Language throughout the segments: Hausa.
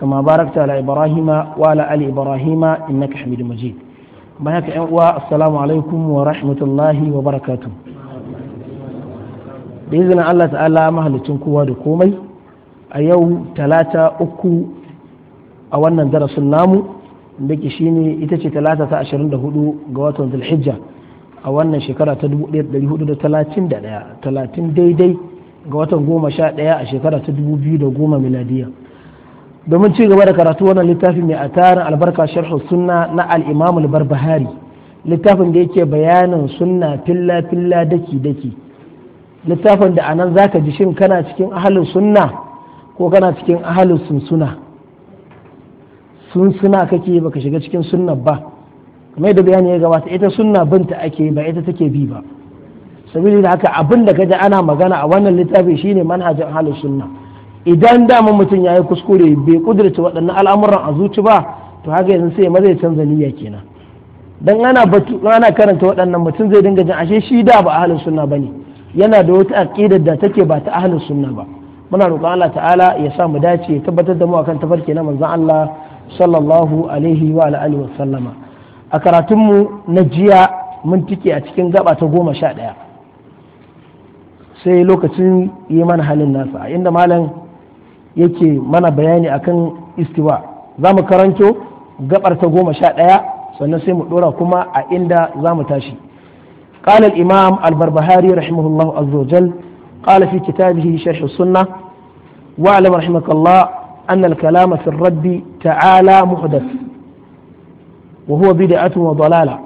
كما باركت على إبراهيم وعلى آل إبراهيم إنك حميد مجيد بنات أخوة السلام عليكم ورحمة الله وبركاته بإذن الله تعالى مهلة تنكوا دكومي أيو تلاتة أكو أولا درس النامو ndake shi ne ita ce talata ta ashirin da hudu ga watan zulhijja a wannan shekara ta dubu ɗaya ɗari hudu da talatin da ɗaya talatin daidai ga watan goma sha ɗaya a shekara ta dubu biyu da goma miladiyya domin ci gaba da karatu wannan littafin mai atarin albarka sharhu sunna na al-imam al-barbahari littafin da yake bayanin sunna filla filla daki daki littafin da anan zaka ji shin kana cikin ahlus sunna ko kana cikin ahlus sunsuna sunsuna kake baka shiga cikin sunna ba kamar da bayani ya gabata ita sunna binta ake ba ita take bi ba saboda da haka abin da kaji ana magana a wannan littafi shine manhajin ahlus sunna idan dama mutum ya yi kuskure bai kudurta waɗannan al'amuran a zuci ba to haka yanzu sai maza ya canza niyya kenan dan ana batu ana karanta waɗannan mutum zai dinga jin ashe shi da ba ahlus sunna bane yana da wata aqidar da take ba ta ahlus sunna ba muna roƙon Allah ta'ala ya sa mu dace ya tabbatar da mu akan tafarki na manzon Allah sallallahu alaihi wa alihi wa sallama a karatun mu na jiya mun tike a cikin gaba ta goma sha ɗaya sai lokacin yi mana halin nasa inda malam yake mana bayani akan istiwa za mu karanto gabar ta goma sha ɗaya sannan sai mu ɗora kuma a inda za mu tashi قال الإمام البربهاري رحمه الله عز وجل قال في كتابه شرح السنة واعلم رحمك الله أن الكلام في الرد تعالى محدث وهو بدعة وضلالة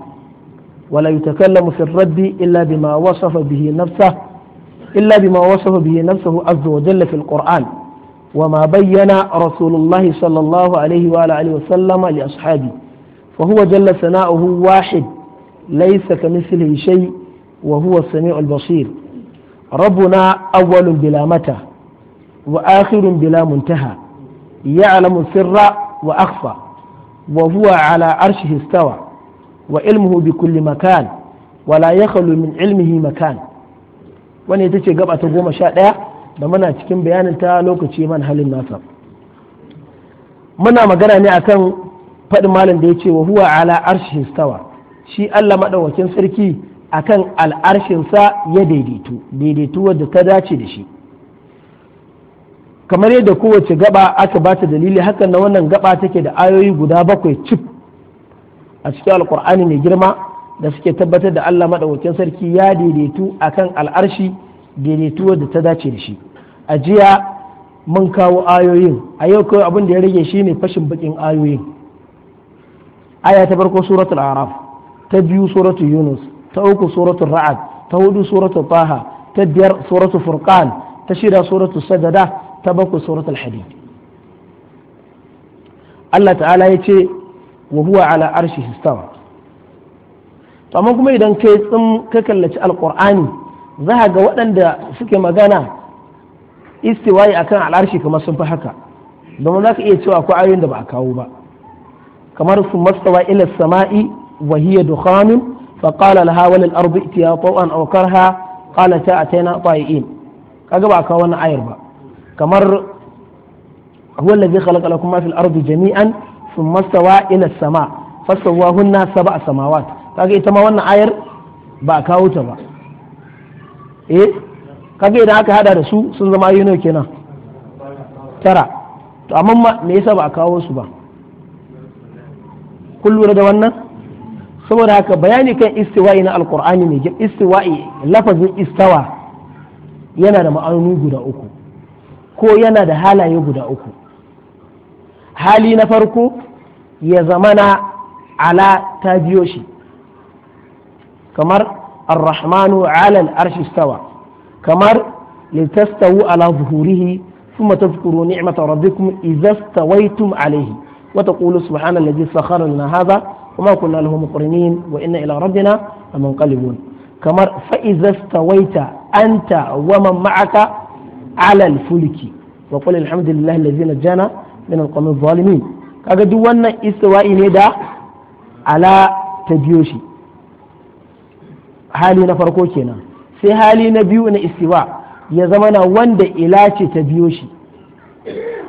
ولا يتكلم في الرد إلا بما وصف به نفسه إلا بما وصف به نفسه عز وجل في القرآن وما بين رسول الله صلى الله عليه وآله وسلم لأصحابه فهو جل ثناؤه واحد ليس كمثله شيء وهو السميع البصير ربنا أول بلا متى وآخر بلا منتهى يعلم السر وأخفى وهو على عرشه استوى وعلمه بكل مكان ولا يخلو من علمه مكان wani ita ce gaba ta goma sha ɗaya da muna cikin bayanin ta lokaci man halin nasa muna magana ne akan faɗin malam da ya ce wa huwa ala arshi stawa shi Allah maɗaukakin sarki akan sa ya daidaitu daidaitu wadda ta dace da shi kamar yadda kowace gaba aka ba ta dalili hakan na wannan gaba take da ayoyi guda bakwai cif a cikin alkur'ani mai girma da suke tabbatar da Allah maɗaukakin sarki ya daidaitu akan al'arshi daidaituwar da ta dace da shi a jiya mun kawo ayoyin a yau kawai abin da ya rage shi ne fashin bakin ayoyin aya ta farko suratul araf ta biyu suratul yunus ta uku suratul ra'ad ta hudu suratul taha ta biyar suratul furqan ta shida suratul sajada ta bakwai suratul hadid Allah ta'ala ya ce wa huwa ala arshi istawa to amma kuma idan kai tsin ka kallaci alqur'ani za ga waɗanda suke magana istiwayi akan al'arshi kamar sun fi haka domin za ka iya cewa akwai ayoyin da ba a kawo ba kamar su mastawa ila sama'i wa hiya dukhanun fa qala laha wal ardi itiya taw'an aw karha qalat ta'tayna ta'iin kaga ba a kawo wannan ayar ba kamar هو الذي خلق لكم ما في الأرض جميعا ثم استوى إلى السماء فسواهن سبع سماوات kaga ita ma wannan ayar ba kawo ta ba eh kaga idan aka hada da su sun zama yuno nawa kenan tara to amma me yasa ba a kawo su ba kun lura da wannan saboda haka bayani kan istiwa'i na alkur'ani ne istiwa'i lafazin istawa yana da ma'anoni guda uku ko yana da halaye guda uku hali na farko ya zamana ala ta biyo shi kamar الرحمن على العرش استوى كمر لتستووا على ظهوره ثم تذكروا نعمة ربكم إذا استويتم عليه وتقول سبحان الذي سخر لنا هذا وما كنا له مقرنين وإن إلى ربنا لمنقلبون كمر فإذا استويت أنت ومن معك على الفلك وقل الحمد لله الذي نجانا من القوم الظالمين kaga duk wannan istiwa'i ne da ala ta biyo shi hali na farko kenan sai hali na biyu na isiwa ya zama na wanda ila ce ta biyo shi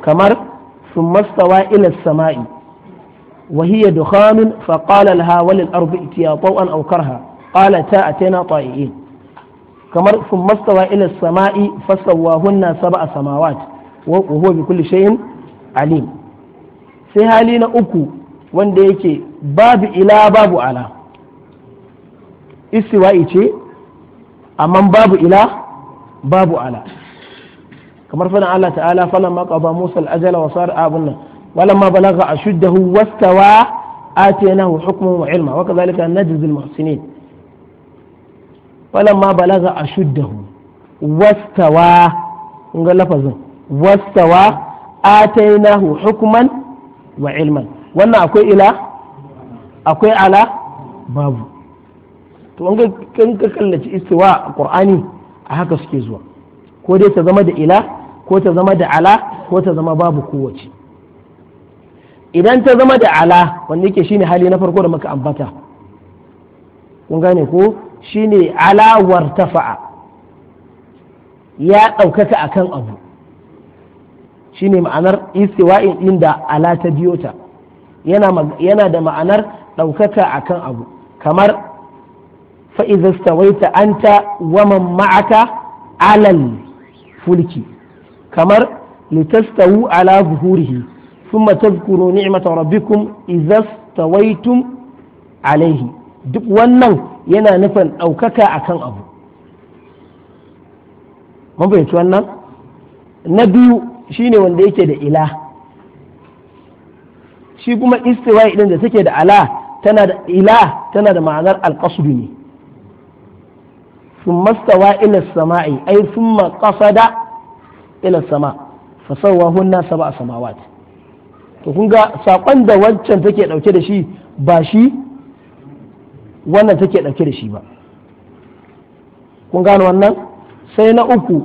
kamar sun mastawa ila sama'i wa hiya dukhanun fa qala laha wal ardu itiya taw'an aw karha qala ta atayna ta'iin kamar sun mastawa ila sama'i fasawahunna sab'a samawat wa huwa bi kulli shay'in alim sai hali na uku wanda yake babu ila babu ala istiwa'i ce amma babu ila babu ala kamar fadin Allah ta'ala falan ma qada Musa al-ajala wa sar abunna walamma balagha ashuddahu wastawa atainahu hukman wa ilma wa kadhalika najzi al-muhsinin walamma balagha ashuddahu wastawa kun ga lafazin wastawa atainahu hukman wa ilman wannan akwai ila akwai ala babu to an ka kallaci istiwa a qur'ani a haka suke zuwa ko dai ta zama da ila ko ta zama da ala ko ta zama babu kowace idan ta zama da ala wanda yake shine hali na farko da muka ambata kun gane ko shine ala wartafa'a ya ɗaukaka akan abu shine ma'anar istiwa din da ala ta biyo ta yana da ma'anar ɗaukaka akan abu kamar fa idza stawaita anta wa man ma'aka alal fulki kamar litastawu ala zuhurihi thumma tadhkuru ni'mata rabbikum idza stawaitum alaihi duk wannan yana nufin ɗaukaka akan abu mun fahimci wannan na biyu shine wanda yake da ila shi kuma istiwa idan da take da ala tana da ila tana da ma'anar alƙasudu ne ثم استوى إلى السماء أي ثم قصد إلى السماء فسواهن سبع سماوات to kun ga saƙon da wancan take ɗauke da shi ba shi wannan take ɗauke da shi ba kun gano wannan sai na uku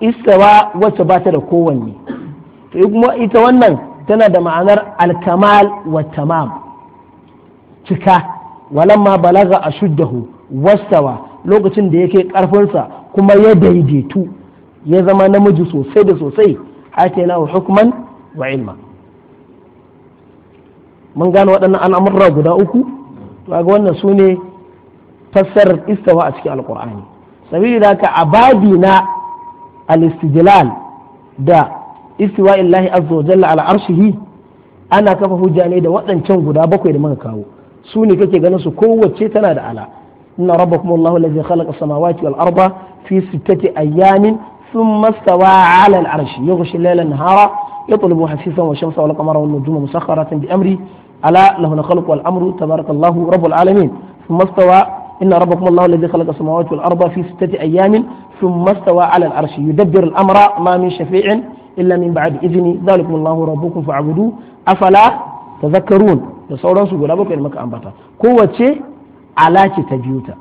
istawa wacce bata da kowanne to kuma ita wannan tana da ma'anar alkamal wa tamam cika walamma balaga ashuddahu wastawa lokacin da yake karfinsa kuma ya daidaitu ya zama namiji sosai da sosai hatina wa hukman wa ilma mun gano waɗannan al'amurra guda uku to ga wannan su ne fassarar istawa a cikin alkur'ani sabili da ka a babi na al da istiwa illahi azza wa jalla ala ana kafa hujja ne da waɗancan guda bakwai da muka kawo su ne kake ganin su kowace tana da ala إن ربكم الله الذي خلق السماوات والأرض في ستة أيام ثم استوى على العرش يغشي الليل النهار يطلب حسيسا والشمس والقمر والنجوم مسخرة بأمري ألا له الخلق والأمر تبارك الله رب العالمين ثم استوى إن ربكم الله الذي خلق السماوات والأرض في ستة أيام ثم استوى على العرش يدبر الأمر ما من شفيع إلا من بعد إذني ذلكم الله ربكم فاعبدوه أفلا تذكرون da sauransu guda bakwai da muka ambata kowace alaci ta biyu ta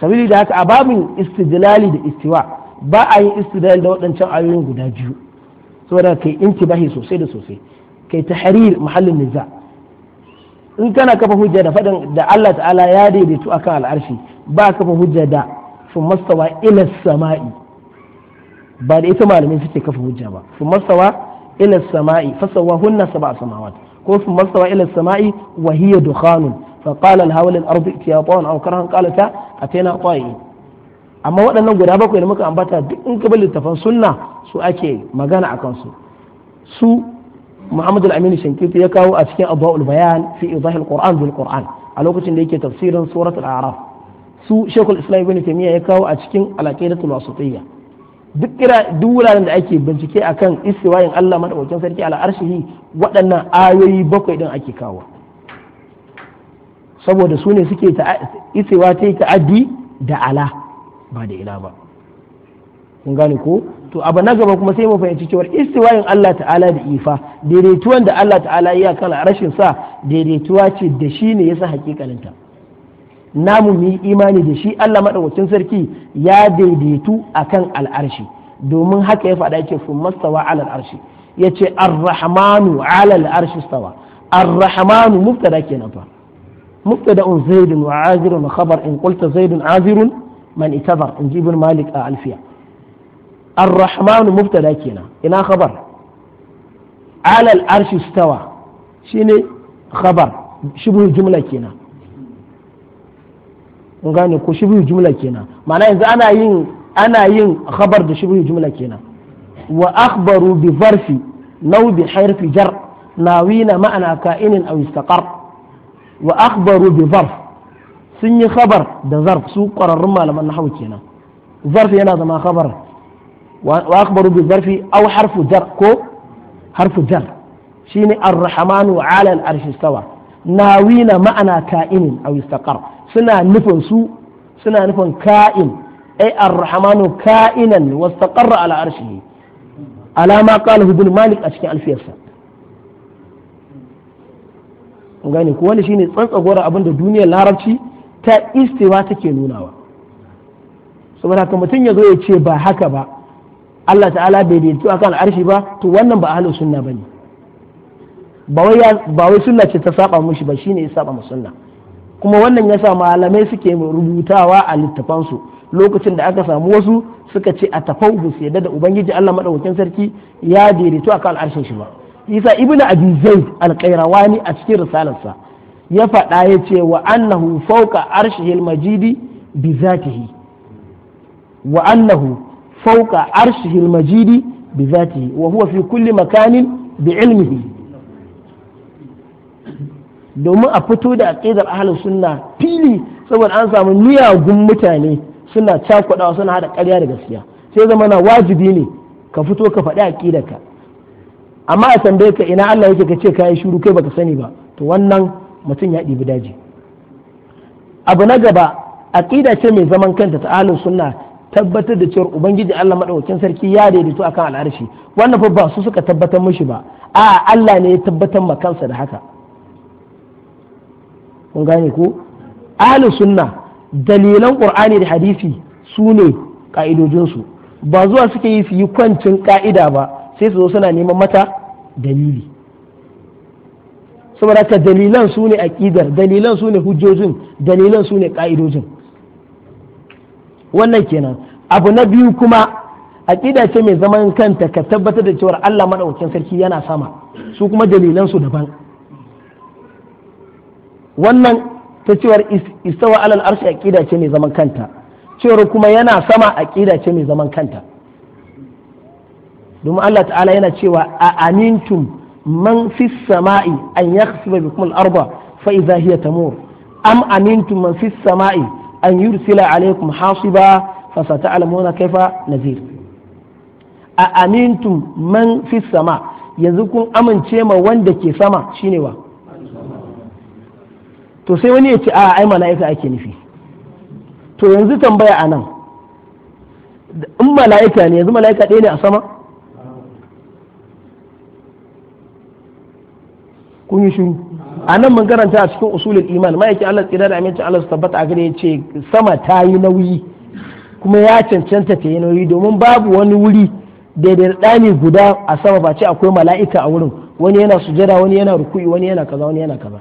sabili da haka a babin istidlali da istiwa ba a yi istidlali da waɗancan ayoyin guda biyu saboda kai intibahi sosai da sosai kai tahrir mahallin niza in kana kafa hujja da faɗin da Allah ta'ala ya daidaitu akan al'arshi ba kafa hujja da fi mastawa ila sama'i ba da ita malamai suke kafa hujja ba fi mastawa ila sama'i fasawa hunna sab'a samawat ko su mastawa ila sama'i wa hiya dukhanun fa qala al hawla al ardi ya aw karhan qala ta ataina qa'i amma waɗannan guda bakwai da muka ambata duk in ka bar littafan sunna su ake magana akan su su Muhammad al-Amin Shankiti ya kawo a cikin Adwa'ul Bayan fi Idah al-Qur'an bil Qur'an a lokacin da yake tafsirin suratul A'raf su Sheikhul Islam Ibn Taymiyyah ya kawo a cikin Al-Aqidatul Wasitiyya duk kira duk wuraren da ake bincike akan istiwayin Allah madaukakin sarki ala arshihi waɗannan ayoyi bakwai din ake kawo saboda su ne suke ta istiwa ta ta'addi da ala ba da ila ba kun gane ko to abu na gaba kuma sai mu fahimci cewa istiwayin Allah ta'ala da ifa daidaituwan da Allah ta'ala iya kan rashin sa daidaituwa ce da shi ne ya yasa hakikalinta namu mu yi imani da shi Allah madaukakin sarki ya daidaitu akan al'arshi domin haka ya faɗa yake sun mastawa alal al'arshi. ya ce arrahmanu alal arshi stawa arrahmanu muftada kenan fa muftada un zaidun wa azirun wa khabar in qulta zaidun azirun man itazar in jibin malik a alfiya arrahmanu muftada kenan ina khabar alal arshi stawa shine khabar shibul jumla kenan kun gane ko shibiyu jumla kenan ma'ana yanzu ana yin ana yin khabar da shibiyu jumla kenan wa akhbaru bi zarfi law bi harfi jar nawina ma'ana ka'inin aw istaqar wa akhbaru bi zarf sun yi khabar da zarf su qararrun malaman nahwu kenan zarf yana zama khabar wa akhbaru bi zarfi aw harfu jar ko harfu jar shine ar-rahmanu 'ala al-arshi istawa nawina ma'ana ka'inin aw istaqar suna nufin su suna nufin ka'in ai ar-rahmanu ka'inan wastaqarra ala arshihi ala ma qala ibn malik a cikin alfiyarsa gani ko wani shine tsantsagora abin da duniyar larabci ta istiwa take nunawa saboda haka mutum ya zo ya ce ba haka ba Allah ta'ala bai daidaitu akan al'arshi ba to wannan ba ahlus sunna bane ba wai ba wai sunna ce ta saba mushi ba shine ya saba musunna sunna kuma wannan ya sa malamai suke rubutawa a littafansu lokacin da aka samu wasu suka ce a su yadda da ubangiji Allah madaukakin sarki ya daidaito akan al'arshin shi ba isa ibnu abi zaid a cikin risalarsa ya faɗa ya ce wa annahu fawqa arshihil majidi bi zatihi wa annahu fawqa arshihil majidi bi zatihi wa huwa fi kulli makanin bi ilmihi domin a fito da aƙidar ahalin sunna fili saboda an samu miyagun mutane suna cakudawa suna hada ƙarya da gaskiya sai zama na wajibi ne ka fito ka faɗi ka amma a tambaye ka ina Allah yake ka ce kai shiru kai baka sani ba to wannan mutum ya ɗibi daji abu na gaba aƙida ce mai zaman kanta ta ahalin sunna tabbatar da cewar ubangiji Allah madaukakin sarki ya daidaito akan al'arshi wannan fa ba su suka tabbatar mishi ba a'a Allah ne ya tabbatar ma kansa da haka kun gane ko ahlus sunna dalilan qur'ani da hadisi su ne ka'idojin su ba zuwa suke yi su yi kwancin ka'ida ba sai su zo suna neman mata dalili saboda ka dalilan su ne aqidar dalilan su ne hujjojin dalilan su ne ka'idojin wannan kenan abu na biyu kuma aƙida ce mai zaman kanta ka tabbatar da cewa Allah maɗaukakin sarki yana sama su kuma dalilan su daban wannan ta cewar istawa alal arshi aqida ce mai zaman kanta cewar kuma yana sama aqida ce mai zaman kanta domin Allah ta'ala yana cewa a amintum man fis sama'i an yakhsiba bikum al-arda fa idha hiya tamur am amintum man fis sama'i an yursila alaykum hasiba fa sata'lamuna na nazir a amintum man fis sama yanzu kun amince ma wanda ke sama shine wa to sai wani ya ce a ai mala'ika ake nufi to yanzu tambaya a nan in mala'ika ne yanzu mala'ika ɗaya ne a sama kun yi shiru a nan mun karanta a cikin usulul iman ma'aikin Allah tsira da amincin Allah su tabbata a gare ya ce sama ta yi nauyi kuma ya cancanta ta yi nauyi domin babu wani wuri daidai ɗani guda a sama ba ce akwai mala'ika a wurin wani yana sujada wani yana ruku'i wani yana kaza wani yana kaza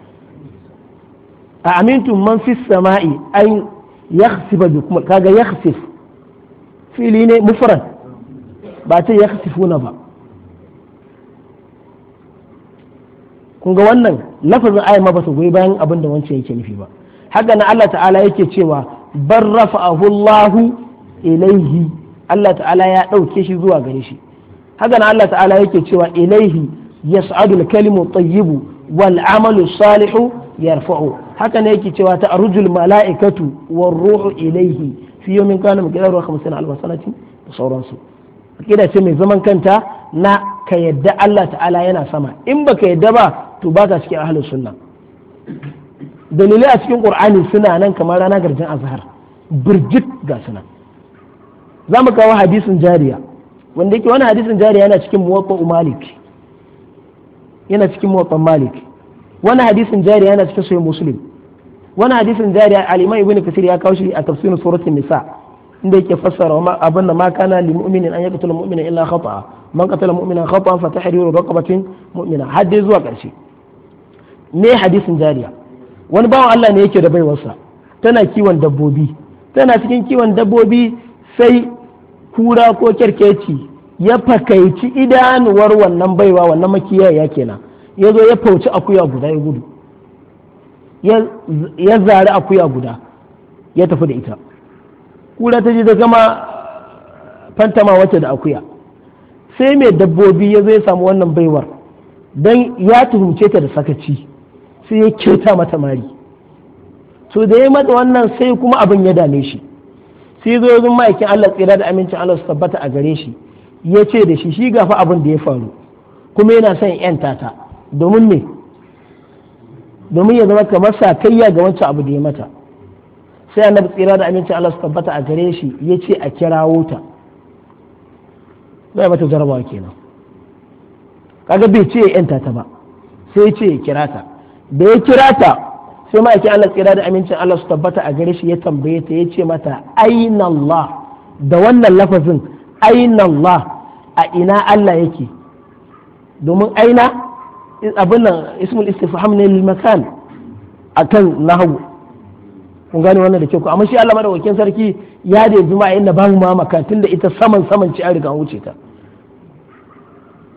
a amintun man fi sama'i an yakhsifa bikum kaga yakhsif fili ne mufrad ba ta yakhsifuna ba kun ga wannan lafazin ayi ma ba su goyi bayan abin da wancan yake nufi ba haka na Allah ta'ala yake cewa bar rafa'ahu Allah ilaihi Allah ta'ala ya dauke shi zuwa gare shi haka na Allah ta'ala yake cewa ilaihi yas'adul kalimu tayyibu wal amalu salihu yarfa'u haka ne yake cewa ta arujul mala'ikatu war ruhu ilaihi fi yawmin kana miqdaru 50 alf da sauransu akida ce mai zaman kanta na ka yadda Allah ta'ala yana sama in baka yadda ba to baka cikin ahlus sunna dalilai a cikin qur'ani suna nan kamar rana garjin azhar birjit ga suna za mu kawo hadisin jariya wanda yake wani hadisin jariya yana cikin muwatta malik yana cikin muwatta malik wani hadisin jariya yana cikin sahih muslim wani hadisin jariya a imam kasir ya kawo shi a tafsirin suratul nisa inda yake fassara abin da ma kana lil mu'minin an yaqtula mu'mina illa khata'a man qatala mu'mina khata'an fa tahriru raqabatin mu'mina hadde zuwa karshe ne hadisin jariya wani bawan Allah ne yake da baiwarsa tana kiwon dabbobi tana cikin kiwon dabbobi sai kura ko kerkeci ya fakaici idanuwar wannan baiwa wannan makiyaya kenan ya zo ya fauci akuya guda ya gudu ya zari akuya guda ya tafi da ita kura ta ji ta gama fantama wacce da akuya sai mai dabbobi ya zo ya samu wannan baiwar don ya tuhumce ta da sakaci sai ya kirta mata mari to da ya mata wannan sai kuma abin ya dame shi sai zo yanzu ma'aikin Allah tsira da amincin Allah su tabbata a gare shi ya ce da shi shi gafa abin da ya faru kuma yana son 'yan tata domin ne domin ya zama kamar sakayya ga wancan abu da ya mata sai annabi tsira da aminci Allah su tabbata a gare shi ya ce a kirawo ta zai mata jarabawa kenan kaga bai ce ya yanta ta ba sai ya ce ya kira ta da ya kira ta sai ma'aikin Allah tsira da amincin Allah su tabbata a gare shi ya tambaye ta ya ce mata aina Allah da wannan lafazin aina Allah a ina Allah yake domin aina abin nan ismul istifham ne lil makan akan nahwu kun gane wannan da ke ku amma shi Allah madaukakin sarki ya da juma inda babu ma makan tunda ita saman saman ci an riga wuce ta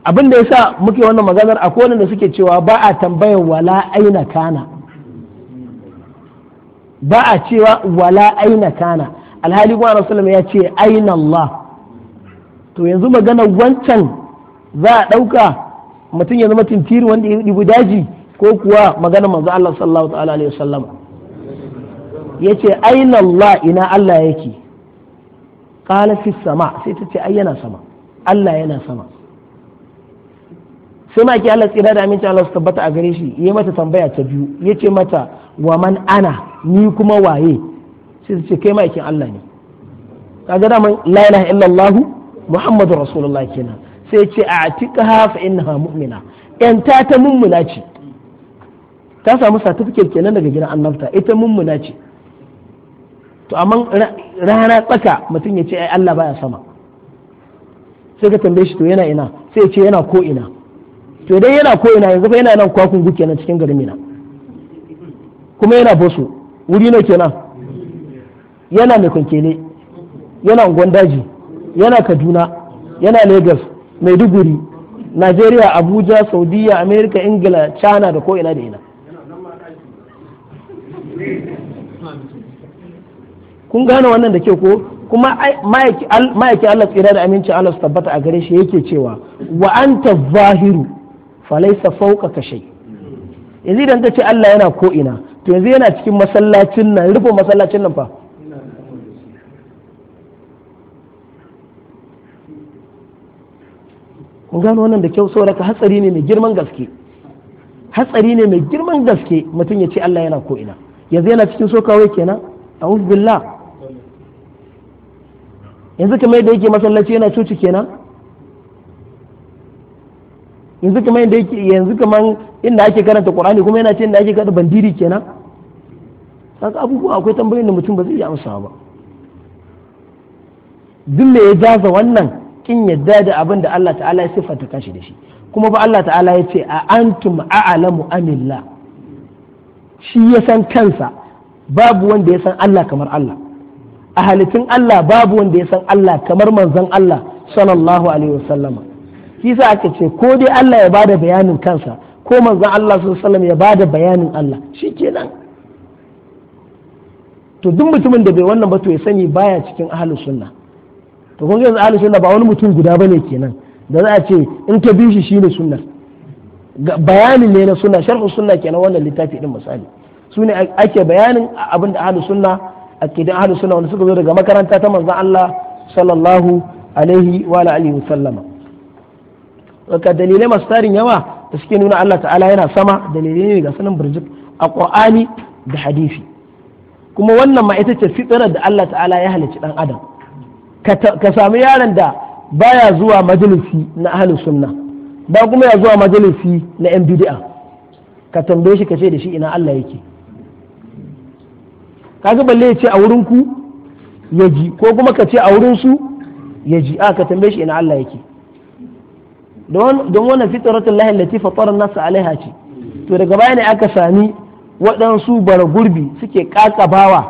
abin da yasa muke wannan maganar a akwai da suke cewa ba a tambayar wala aina kana ba a cewa wala aina kana alhali kuma rasulullah ya ce aina Allah to yanzu maganar wancan za a ɗauka mutum ya zama tintiri wanda ya ɗibi daji ko kuwa magana manzo Allah sallallahu ta'ala alaihi wasallam yace aina Allah ina Allah yake qala fi sama sai ta ce ai yana sama Allah yana sama sai ma ki Allah tsira da aminci Allah su tabbata a gare shi yayi mata tambaya ta biyu yace mata wa man ana ni kuma waye sai ta ce kai ma Allah ne kaga da man la ilaha illallah muhammadur rasulullah kenan sai ce a tika hafa innaha mu'mina yanta ta mummuna ce ta samu certificate kenan daga gidan annabta ita mummuna ce to amma rana tsaka mutum ya ce ai Allah baya sama sai ka tambaye shi to yana ina sai ce yana ko ina to dai yana ko ina yanzu fa yana nan kwakun guke nan cikin garin mina kuma yana boso wuri ne kenan yana mai kwankele yana daji yana kaduna yana lagos maiduguri najeriya abuja saudiya Amerika, ingila china da ko ina da ina kun gane wannan da ke ko kuma ma'aiki Allah tsira da amincin Allah su tabbata a gare shi yake cewa wa anta zahiru falaisa fauka kashe yanzu idan ta ce Allah yana ko ina to yanzu yana cikin masallacin nan rufe masallacin nan fa kun gano wannan da kyau saboda hatsari ne mai girman gaske hatsari ne mai girman gaske mutum ya ce Allah yana ko ina yanzu yana cikin sokawai kenan a'udhu billah yanzu kamar yadda yake masallaci yana coci kenan yanzu kamar yadda yake yanzu kamar inda ake karanta Qur'ani kuma yana ce inda ake karanta bandiri kenan kaga abubuwa akwai tambayoyin da mutum ba zai iya amsawa ba duk me ya jaza wannan kin yadda da abin da Allah ta'ala ya siffanta kashi da shi kuma ba Allah ta'ala ya ce a antum a'lamu amilla shi ya san kansa babu wanda ya san Allah kamar Allah a halittun Allah babu wanda ya san Allah kamar manzon Allah sallallahu alaihi wasallama kisa aka ce ko dai Allah ya bada bayanin kansa ko manzon Allah sallallahu alaihi ya bada bayanin Allah shikenan to duk mutumin da bai wannan ba to ya sani baya cikin ahlus sunna to kun yanzu ahli sunna ba wani mutum guda bane kenan da za a ce in ka bi shi shine sunna bayani ne na sunna sharhu sunna kenan wannan littafi din misali su ne ake bayanin abin da ahli sunna da ahli sunna wanda suka zo daga makaranta ta manzon Allah sallallahu alaihi wa alihi wa ka dalilai masu tarin yawa da suke nuna Allah ta'ala yana sama dalilai ne ga sunan burjik a Qur'ani da hadisi kuma wannan ma ita ce fitrar da Allah ta'ala ya halicci dan adam ka sami yaron da baya zuwa majalisi na ahalin sunna ba kuma ya zuwa majalisi na yan bid'a ka tambaye shi ka ce da shi ina Allah yake kaga balle ya ce a wurin ku ya ji ko kuma ka ce a wurin su ya ji a ka tambaye shi ina Allah yake don wannan fitratul lahi allati fatara an-nas alaiha ce to daga baya ne aka sami waɗansu bara gurbi suke ƙaƙabawa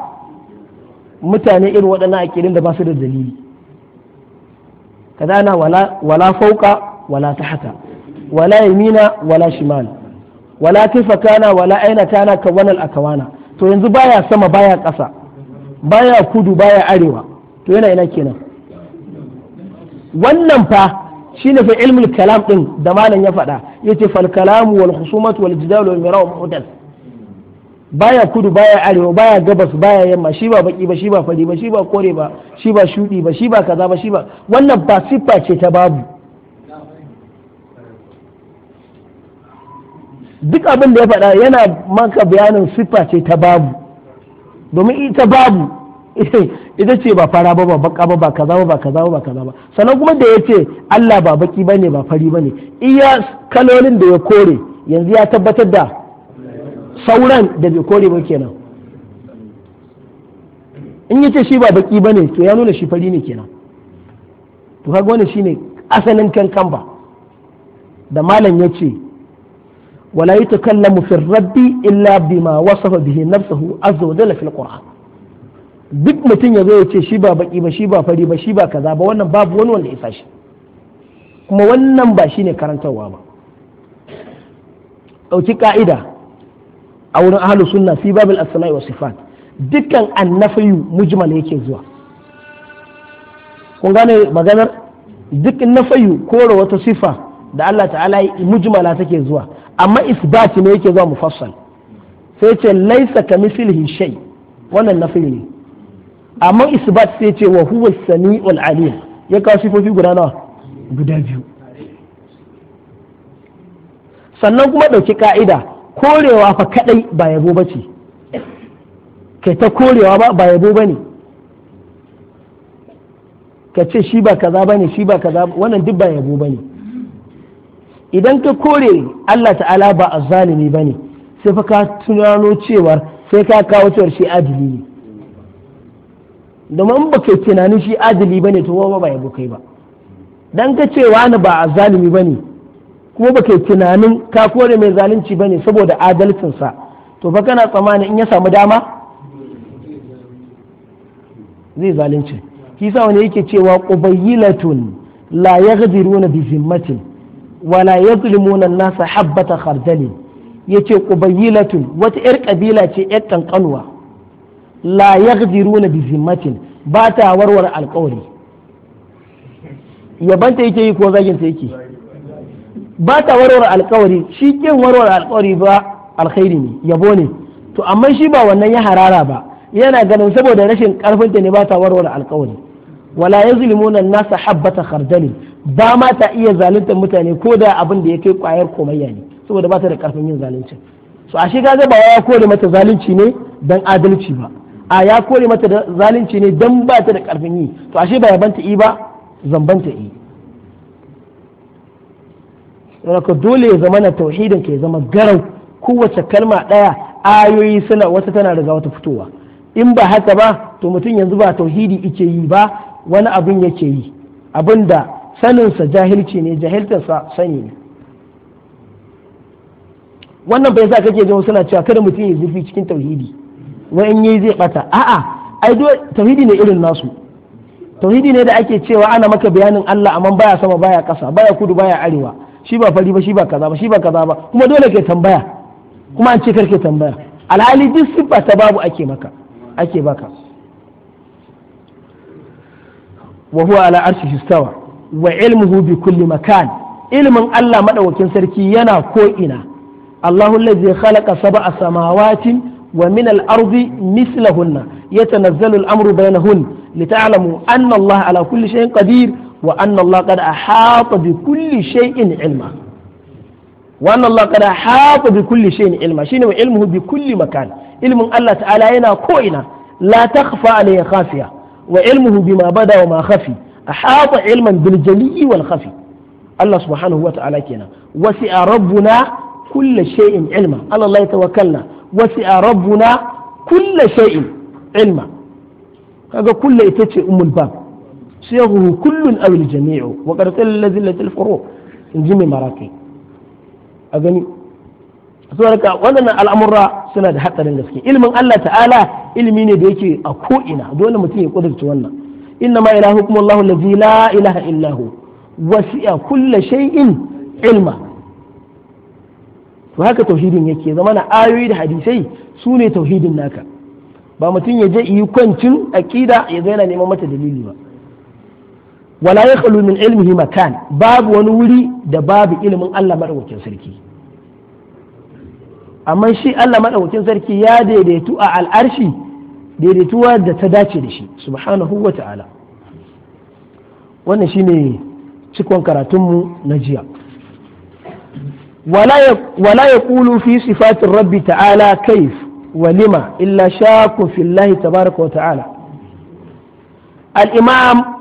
mutane irin waɗannan ƙirin da ba su da dalili kadana wala wala fauka wala tahta wala yamina wala shimal wala kaifa kana wala aina kana kawana to yanzu baya sama baya ƙasa baya kudu baya arewa to yana ina kenan wannan fa shine fa ilmin kalam din da malam ya faɗa yace fal kalamu wal khusumatu wal jidal wal miraw muhdath baya kudu baya arewa baya gabas baya yamma shi ba baki ba shi ba fari ba shi ba kore ba shi ba shudi ba shi ba kaza ba shi ba wannan ba siffa ce ta babu duk abin da ya faɗa yana maka bayanin siffa ce ta babu domin ita babu ita ce ba fara ba ba baka ba ba kaza ba ba kaza ba ba kaza ba sannan kuma da ya ce Allah ba baki bane ba fari bane iya kalolin da ya kore yanzu ya tabbatar da sauran da bai kore ba kenan in ce shi ba baki ba ne to ya nuna shi fari ne kenan to kaga wani shine asalin kankan ba da malam ya ce wala yatakallamu fi rabbi illa bi ma wasafa bihi nafsuhu azza wa jalla fil qur'an duk mutum ya zo ya ce shi ba baki ba shi ba fari ba shi ba kaza ba wannan babu wani wanda ya shi kuma wannan ba shine karantarwa ba ɗauki ka'ida a wurin ahlus sunna fi babil asma'i wa sifat dukkan annafiyu mujmal yake zuwa kun gane maganar duk nafayu kore wata sifa da Allah ta'ala mujmala take zuwa amma isbat ne yake zuwa mufassal sai ce laisa ka mislihi shay wannan nafi ne amma isbat sai ce wa huwa samiul alim ya kawo sifofi guda nawa guda biyu sannan kuma ɗauki ka'ida korewa fa kadai ba yabo ba ce kai ta korewa ba ba yabo ba ne ka ce shi ba kaza ba ne shi ba kaza wannan duk ba yabo ba ne idan ka kore Allah ta'ala ba a zalimi ba ne sai fa ka tunano cewar sai ka kawo cewar shi adili ne domin ba kai tunanin shi adili ba ne to ba ba yabo kai ba dan ka ce wani ba a zalimi ba ne kuma baka tunanin ka kore mai zalunci bane saboda adalcinsa to fa kana tsammanin in ya samu dama zai zalunci sa wani yake cewa qubaylatun la yaghdiruna bi zimmatin wa la yadhlimuna an-nasa habbata khardalin yace qubaylatun wata yar ƙabila ce yar kankanuwa la yaghdiruna bi zimmatin ba ta warware alƙawari yabanta yake yi ko zaginta yake ba ta warware alkawari shi kin warware alkawari ba alkhairi ne yabo ne to amma shi ba wannan ya harara ba yana ganin saboda rashin karfinta ne ba ta warware alkawari wala yazlimuna an-nasa habbata khardali ba ma ta iya zalunta mutane ko da abin da ya kai kwayar komayya ne saboda ba ta da karfin yin zalunci so a shi gaza ba ya kore mata zalunci ne dan adalci ba a ya kore mata zalunci ne dan ba ta da karfin yi to ashe ba yabanta yi ba ta yi. ka dole ya zama na tauhidin ka zama garau kowace kalma ɗaya ayoyi suna wata tana riga wata fitowa in ba haka ba to mutum yanzu ba tauhidi ike yi ba wani abin yake yi abin da saninsa jahilci ne jahiltarsa sani ne wannan bai sa kake jin suna cewa kada mutum ya zufi cikin tauhidi wa in yi zai bata a'a ai tauhidi ne irin nasu tauhidi ne da ake cewa ana maka bayanin Allah amma baya sama baya kasa baya kudu baya arewa shi ba fari ba shi ba kaza ba shi ba kaza ba kuma dole ke tambaya kuma an ce karke tambaya alhali duk siffa ta babu ake maka ake baka wa huwa ala arshihi istawa wa ilmuhu bi kulli makan ilmin Allah madaukakin sarki yana ko ina Allahu allazi khalaqa sab'a samawati wa min al-ardi mislahunna yatanazzalu al-amru bainahun lita'lamu anna Allah ala kulli shay'in qadir wa anna Allah qad ahata bi kulli shay'in ilma wa anna Allah qad ahata bi kulli shay'in ilma shine wa ilmuhu bi kulli makan ilmin Allah ta'ala yana ko ina latakfa takhfa alayhi khafiya wa ilmu bima bada wa ma khafi ahata ilman bil jali wal khafi Allah subhanahu wa ta'ala kenan wasi'a rabbuna kulli shay'in ilma Allah la tawakkalna wasi'a rabbuna kulli shay'in ilma kaga kulli ita ce ummul bab صيغه كل أو الجميع وقد قل الذي الفروع إن جمي مراكي أغني saboda waɗannan al'amurra suna da hatsarin gaske ilimin Allah ta'ala ilimi ne da yake a ko'ina dole mutum ya kudurta wannan inna ma ilahu kuma Allah lazi la ilaha illahu wasi'a kulla shay'in ilma to haka tauhidin yake zama na ayoyi da hadisai su ne tauhidin naka ba mutum ya je yi kwancin aƙida ya zaina neman mata dalili ba wala ya kalu min makan babu wani wuri da babu ilimin Allah maɗaukakin sarki amma shi Allah maɗaukin sarki ya daidaitu a al'arshi daidaituwa da ta dace da shi subhanahu wa ta'ala wannan shine cikon karatunmu na jiya Walaya ya kulu fi sifatin rabbi ta'ala Kai walima illa shakun fillahi tabaraka ta'ala al-imam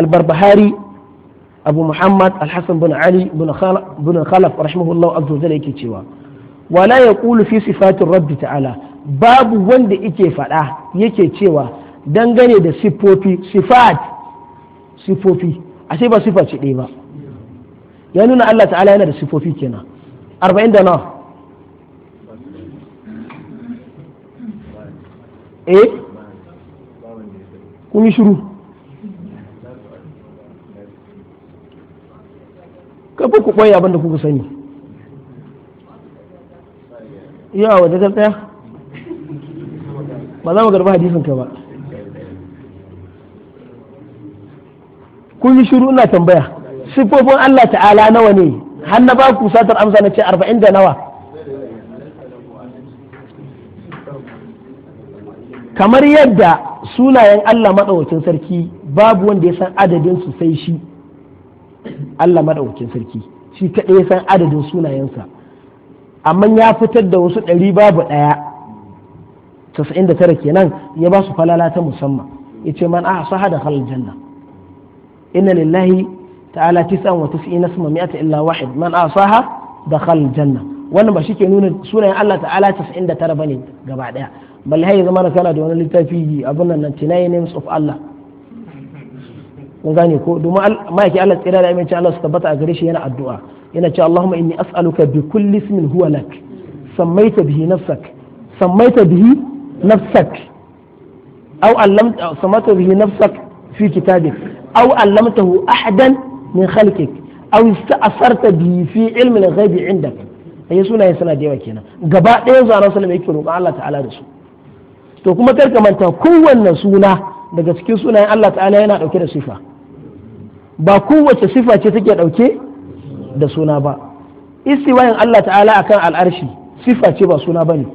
albarbahari abu muhammad alhassan bin ali bin khalaf rahimahullah azza wa yake cewa wala yaqulu fi sifatin rabbi ta'ala babu wanda yake faɗa yake cewa dangane da sifofi sifat sifofi ashe ba sifa ba ya nuna Allah ta'ala yana da sifofi kenan arba'in da nawa eh? kun yi shiru kafin ku ɓoye abin da kuka sani iya wadda ta tsaya ba za mu garba hadisin ka ba kun yi shiru ina tambaya Sifofin Allah ta'ala nawa ne har na ba ku satar amsa na ce arba'in da nawa kamar yadda sunayen Allah maɗaukin sarki babu wanda ya san adadin su sai shi Allah madaukakin sarki shi kaɗai san adadin sunayensa amma ya fitar da wasu ɗari babu ɗaya casa'in da tara kenan ya ba su falala ta musamman ya ce man aha saha da halal janna inna lillahi ta'ala tis'an wa tis'ina asma mi'ata illa wahid man aha saha da halal janna wannan ba shi ke nuna sunayen Allah ta'ala casa'in da tara bane gaba ɗaya balle ya zama na kana da wani littafi abun nan 99 names of Allah kun gane ko domin ma'aikin Allah tsira da aminci Allah su tabbata a gare shi yana addu'a yana cewa Allahumma inni as'aluka bi kulli ismin huwa lak sammaita bihi nafsak sammaita bihi nafsak aw allamta sammaita bihi nafsak fi kitabik aw allamtahu ahadan min khalqik aw ista'sarta bihi fi ilmi al-ghaib indak ayi sunaye sana da yawa kenan gaba ɗaya zaran sallama yake roƙon Allah ta'ala da su to kuma kar ka manta kowanne suna daga cikin sunayen Allah ta'ala yana ɗauke da sifa ba kowace sifa ce take ɗauke da suna ba istiwayin Allah ta'ala akan al'arshi sifa ce ba suna bane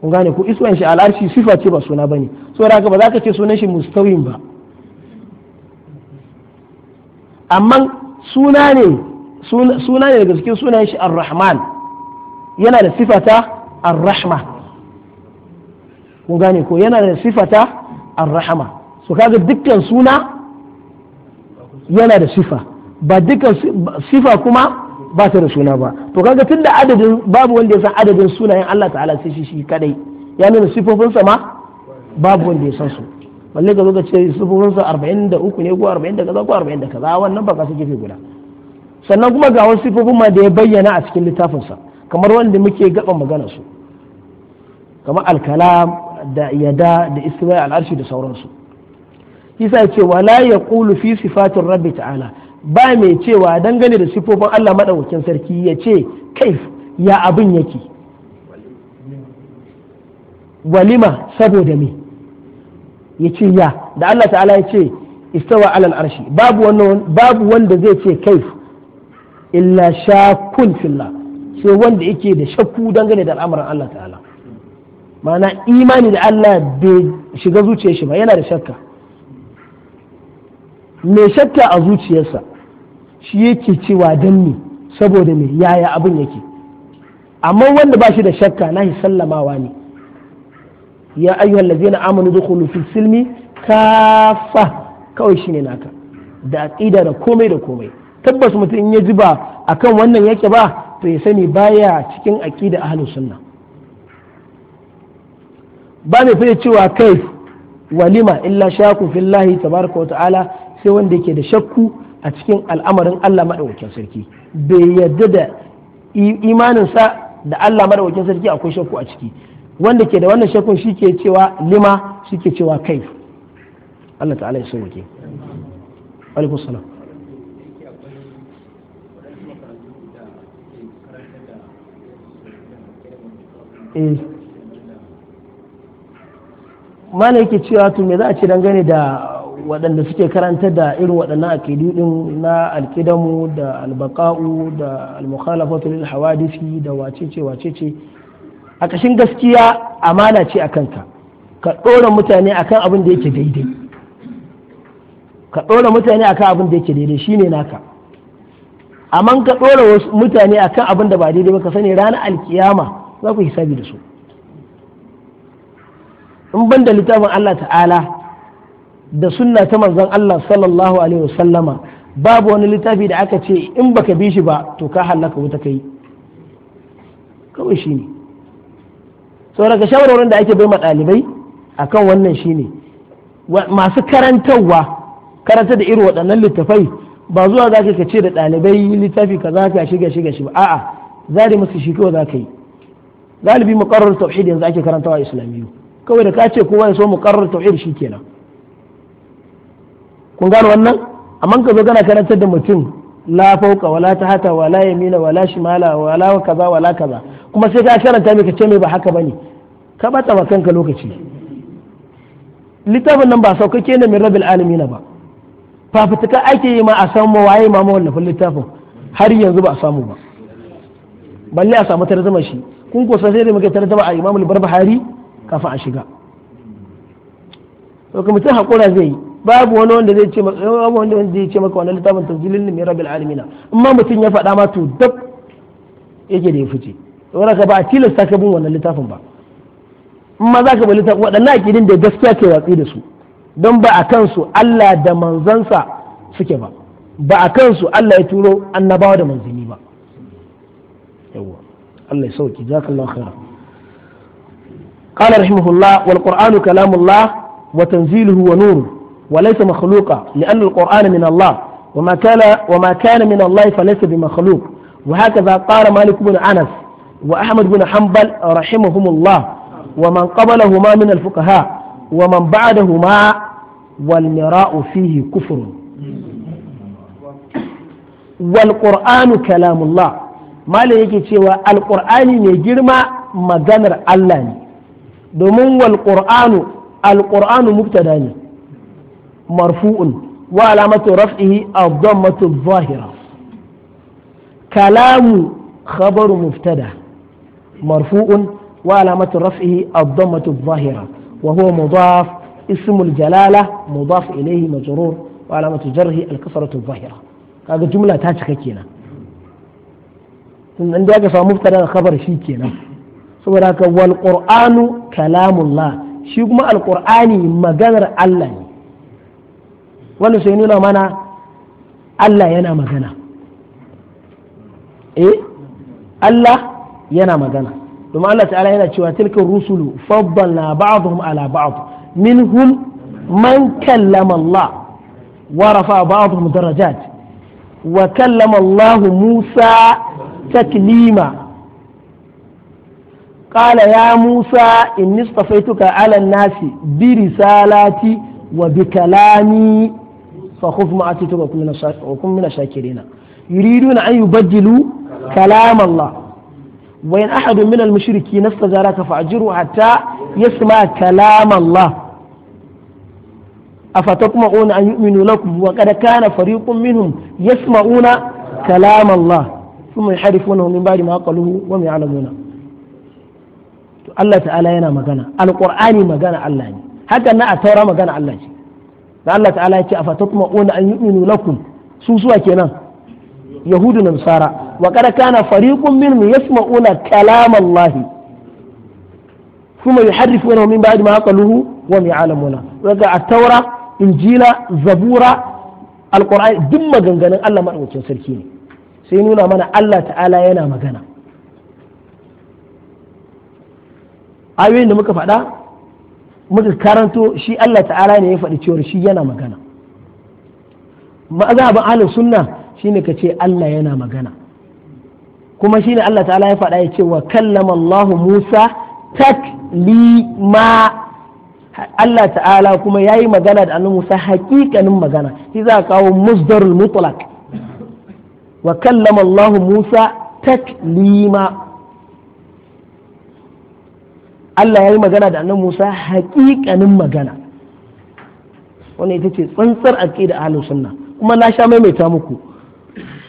kun gane ku istiwayin shi al'arshi sifa ce ba suna bane saboda haka ba za ka ce sunan shi mustawin ba amma suna ne suna ne daga cikin sunan shi ar-rahman yana da sifata ar-rahma kun gane ko yana da sifata ar-rahma so kaga dukkan suna yana da sifa ba dukkan sifa kuma ba ta da suna ba to kaga da adadin babu wanda ya san adadin sunayen Allah ta'ala sai shi shi kadai ya nuna sifofinsa ma babu wanda ya san su balle ka zo ka ce sifofinsa 43 ne ko 40 da kaza ko 40 da kaza wannan ba ka su gefe guda sannan kuma ga wasu sifofin ma da ya bayyana a cikin littafinsa kamar wanda muke gaba magana su kamar alkalam da yada da istiwa al-arshi da sauransu yasa ce wala kulu fi sifatun rabbi ta'ala ba mai cewa dangane da sifofin Allah madaukakin sarki ya ce kaif ya abin yake walima saboda me ya ce ya da Allah ta'ala ya ce istawa alal arshi babu wanda zai ce kaif illa shakun fillah sai wanda yake da shakku dangane da al'amuran Allah ta'ala mana imani da Allah bai shiga zuciyar shi ba yana da shakka mai shakka a zuciyarsa shi yake cewa don ne saboda mai yaya abin yake amma wanda ba shi da shakka na shi sallamawa ne ya ayyuhal ladzina amanu dukhulu nufin silmi kafa kawai shi ne naka da aqida da komai da komai tabbas mutum ya ji ba akan wannan yake ba to ya sani baya cikin aqida ahlus sunna ba mai fiye cewa kai walima illa shaku fillahi tabaraka wa ta'ala sai wanda yake da shakku a cikin al'amarin Allah maɗaukakin sarki bai yadda da imaninsa da Allah maɗaukakin sarki akwai shakku a ciki wanda ke da wannan shakkun shi ke cewa lima shi ke cewa kai Allah ta'ala ya sauke alaikum salam eh. mana yake cewa to me za a ce dangane da waɗanda suke karanta da irin waɗannan akidu na alkidamu da albaka'u da almukhalafatu lil hawadisi da wacece wacece a ƙashin gaskiya amana ce a kanka ka ɗora mutane akan abin da yake daidai ka ɗora mutane akan abin da yake daidai shine naka amma ka ɗora mutane akan abin da ba daidai ba ka sani ranar alkiyama za ku hisabi da su in ban da littafin Allah ta'ala da sunna ta manzon Allah sallallahu alaihi wasallama babu wani littafi da aka ce in baka bi shi ba to ka halaka wuta kai kawai shine daga shawarwarin da ake bai ma dalibai akan wannan shine masu karantarwa karanta da irin waɗannan littafai ba zuwa za ka ce da ɗalibai littafi ka za ka shiga shiga shi ba a'a zari musu shi kawai za ka yi galibi muqarrar tauhid yanzu ake karantawa islamiyyu kawai da ka ce kowa ya so muqarrar tauhid shi kenan kun gano wannan amma ka zo kana karantar da mutum la fauka wala hata wala yamina wala shimala wala kaza wala kaza kuma sai ka karanta mai kace mai ba haka bane ka bata wa kanka lokaci littafin nan ba saukake ne min rabbil alamin ba fafutuka ake yi ma a samu waye ma mawallafin littafin har yanzu ba a samu ba balle a samu tarzama shi kun ko sai da muke tarzama a imamul barbahari kafin a shiga to mutum hakura zai yi babu wani wanda zai ce maka eh, babu wanda zai ce maka wannan littafin tanzilin min rabbil alamin amma mutum ya faɗa ma to dab yake da ya fice saboda ka ba a tilasta ka bin wannan littafin ba amma za ka bi littafin waɗannan akidin da gaskiya ke watsi da su don ba a kansu Allah da manzansa suke ba ba a kansu Allah ya turo annabawa da manzanni ba yawa Allah ya sauki jazakallahu khairan قال رحمه الله والقرآن كلام الله وتنزيله ونوره وليس مخلوقا لأن القرآن من الله وما كان وما كان من الله فليس بمخلوق وهكذا قال مالك بن أنس وأحمد بن حنبل رحمهم الله ومن قبلهما من الفقهاء ومن بعدهما والمراء فيه كفر والقرآن كلام الله ما yake cewa alƙur'ani mai girma maganar Allah ne domin walƙur'anu alƙur'anu mubtada ne مرفوع وعلامة رفعه الضمة الظاهرة كلام خبر مبتدا مرفوع وعلامة رفعه الضمة الظاهرة وهو مضاف اسم الجلالة مضاف إليه مجرور وعلامة جره الكسرة الظاهرة هذا جملة تاتشكا كينا in da aka samu mubtada da khabar shi kenan saboda haka wal qur'anu kalamullah shi kuma alqur'ani maganar Allah ne wannan sai nuna mana Allah yana magana eh Allah yana magana domin Allah ta'ala yana cewa tilka rusulu faddalna ba'dhum ala ba'd minhum man kallama Allah wa rafa ba'dhum darajat wa kallama Allah Musa taklima قال يا موسى إني اصطفيتك على الناس برسالاتي وبكلامي fa khudh ma atitu wa kun min ashakirina yuriduna an yubaddilu kalam Allah wa in ahadun min al-mushriki nastazaraka fa'jiru hatta yasma kalam Allah أفتطمعون أن يؤمنوا لكم وقد كان فريق منهم يسمعون كلام الله ثم يحرفونه من بعد ما قالوه وهم يعلمون الله تعالى ينا مغانا القرآن مغانا الله هكذا نا أتورا مغانا الله da Allah ta'ala ya ce afatatma'una an yu'minu lakum su suwa kenan yahudu da nasara wa kada kana fariqun minhum yasma'una kalam Allah kuma yuharrifuna min ba'di ma luhu? wa ya'lamuna daga a taura injila zabura alƙurani duk maganganun Allah madaukakin sarki ne sai nuna mana Allah ta'ala yana magana ayoyin da muka faɗa muka karanto shi Allah ta'ala ne ya faɗi cewar shi yana magana mazhabin ahlus sunna shine ka ce Allah yana magana kuma shine Allah ta'ala ya faɗa ya ce wa kallama Allah Musa taklima Allah ta'ala kuma ya yi magana da annabi Musa hakikanin magana shi za a kawo musdarul mutlaq wa kallama Allah Musa taklima Allah ya yi magana da annabi Musa haƙiƙanin magana wannan ita ce tsantsar aqida ahlus sunna kuma na sha maimaita muku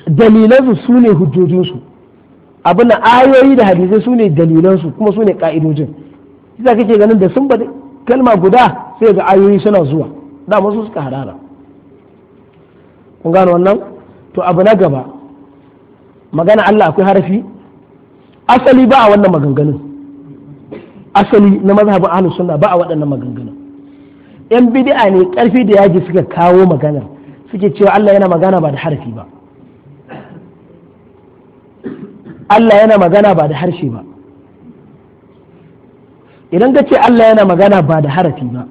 dalilansu su ne hujjojinsu abin ayoyi da hadisai su ne dalilansu kuma su ne ka'idojin isa kake ganin da sun bada kalma guda sai ga ayoyi suna zuwa da musu suka harara kun gano wannan to abu na gaba magana Allah akwai harafi asali ba a wannan maganganun asali na mazhabin ahlus sunna ba a waɗannan maganganun yan bid'a ne karfi da yaji suka kawo magana suke cewa Allah yana magana ba da harfi ba Allah yana magana ba da harshe ba idan ka ce Allah yana magana ba da harafi ba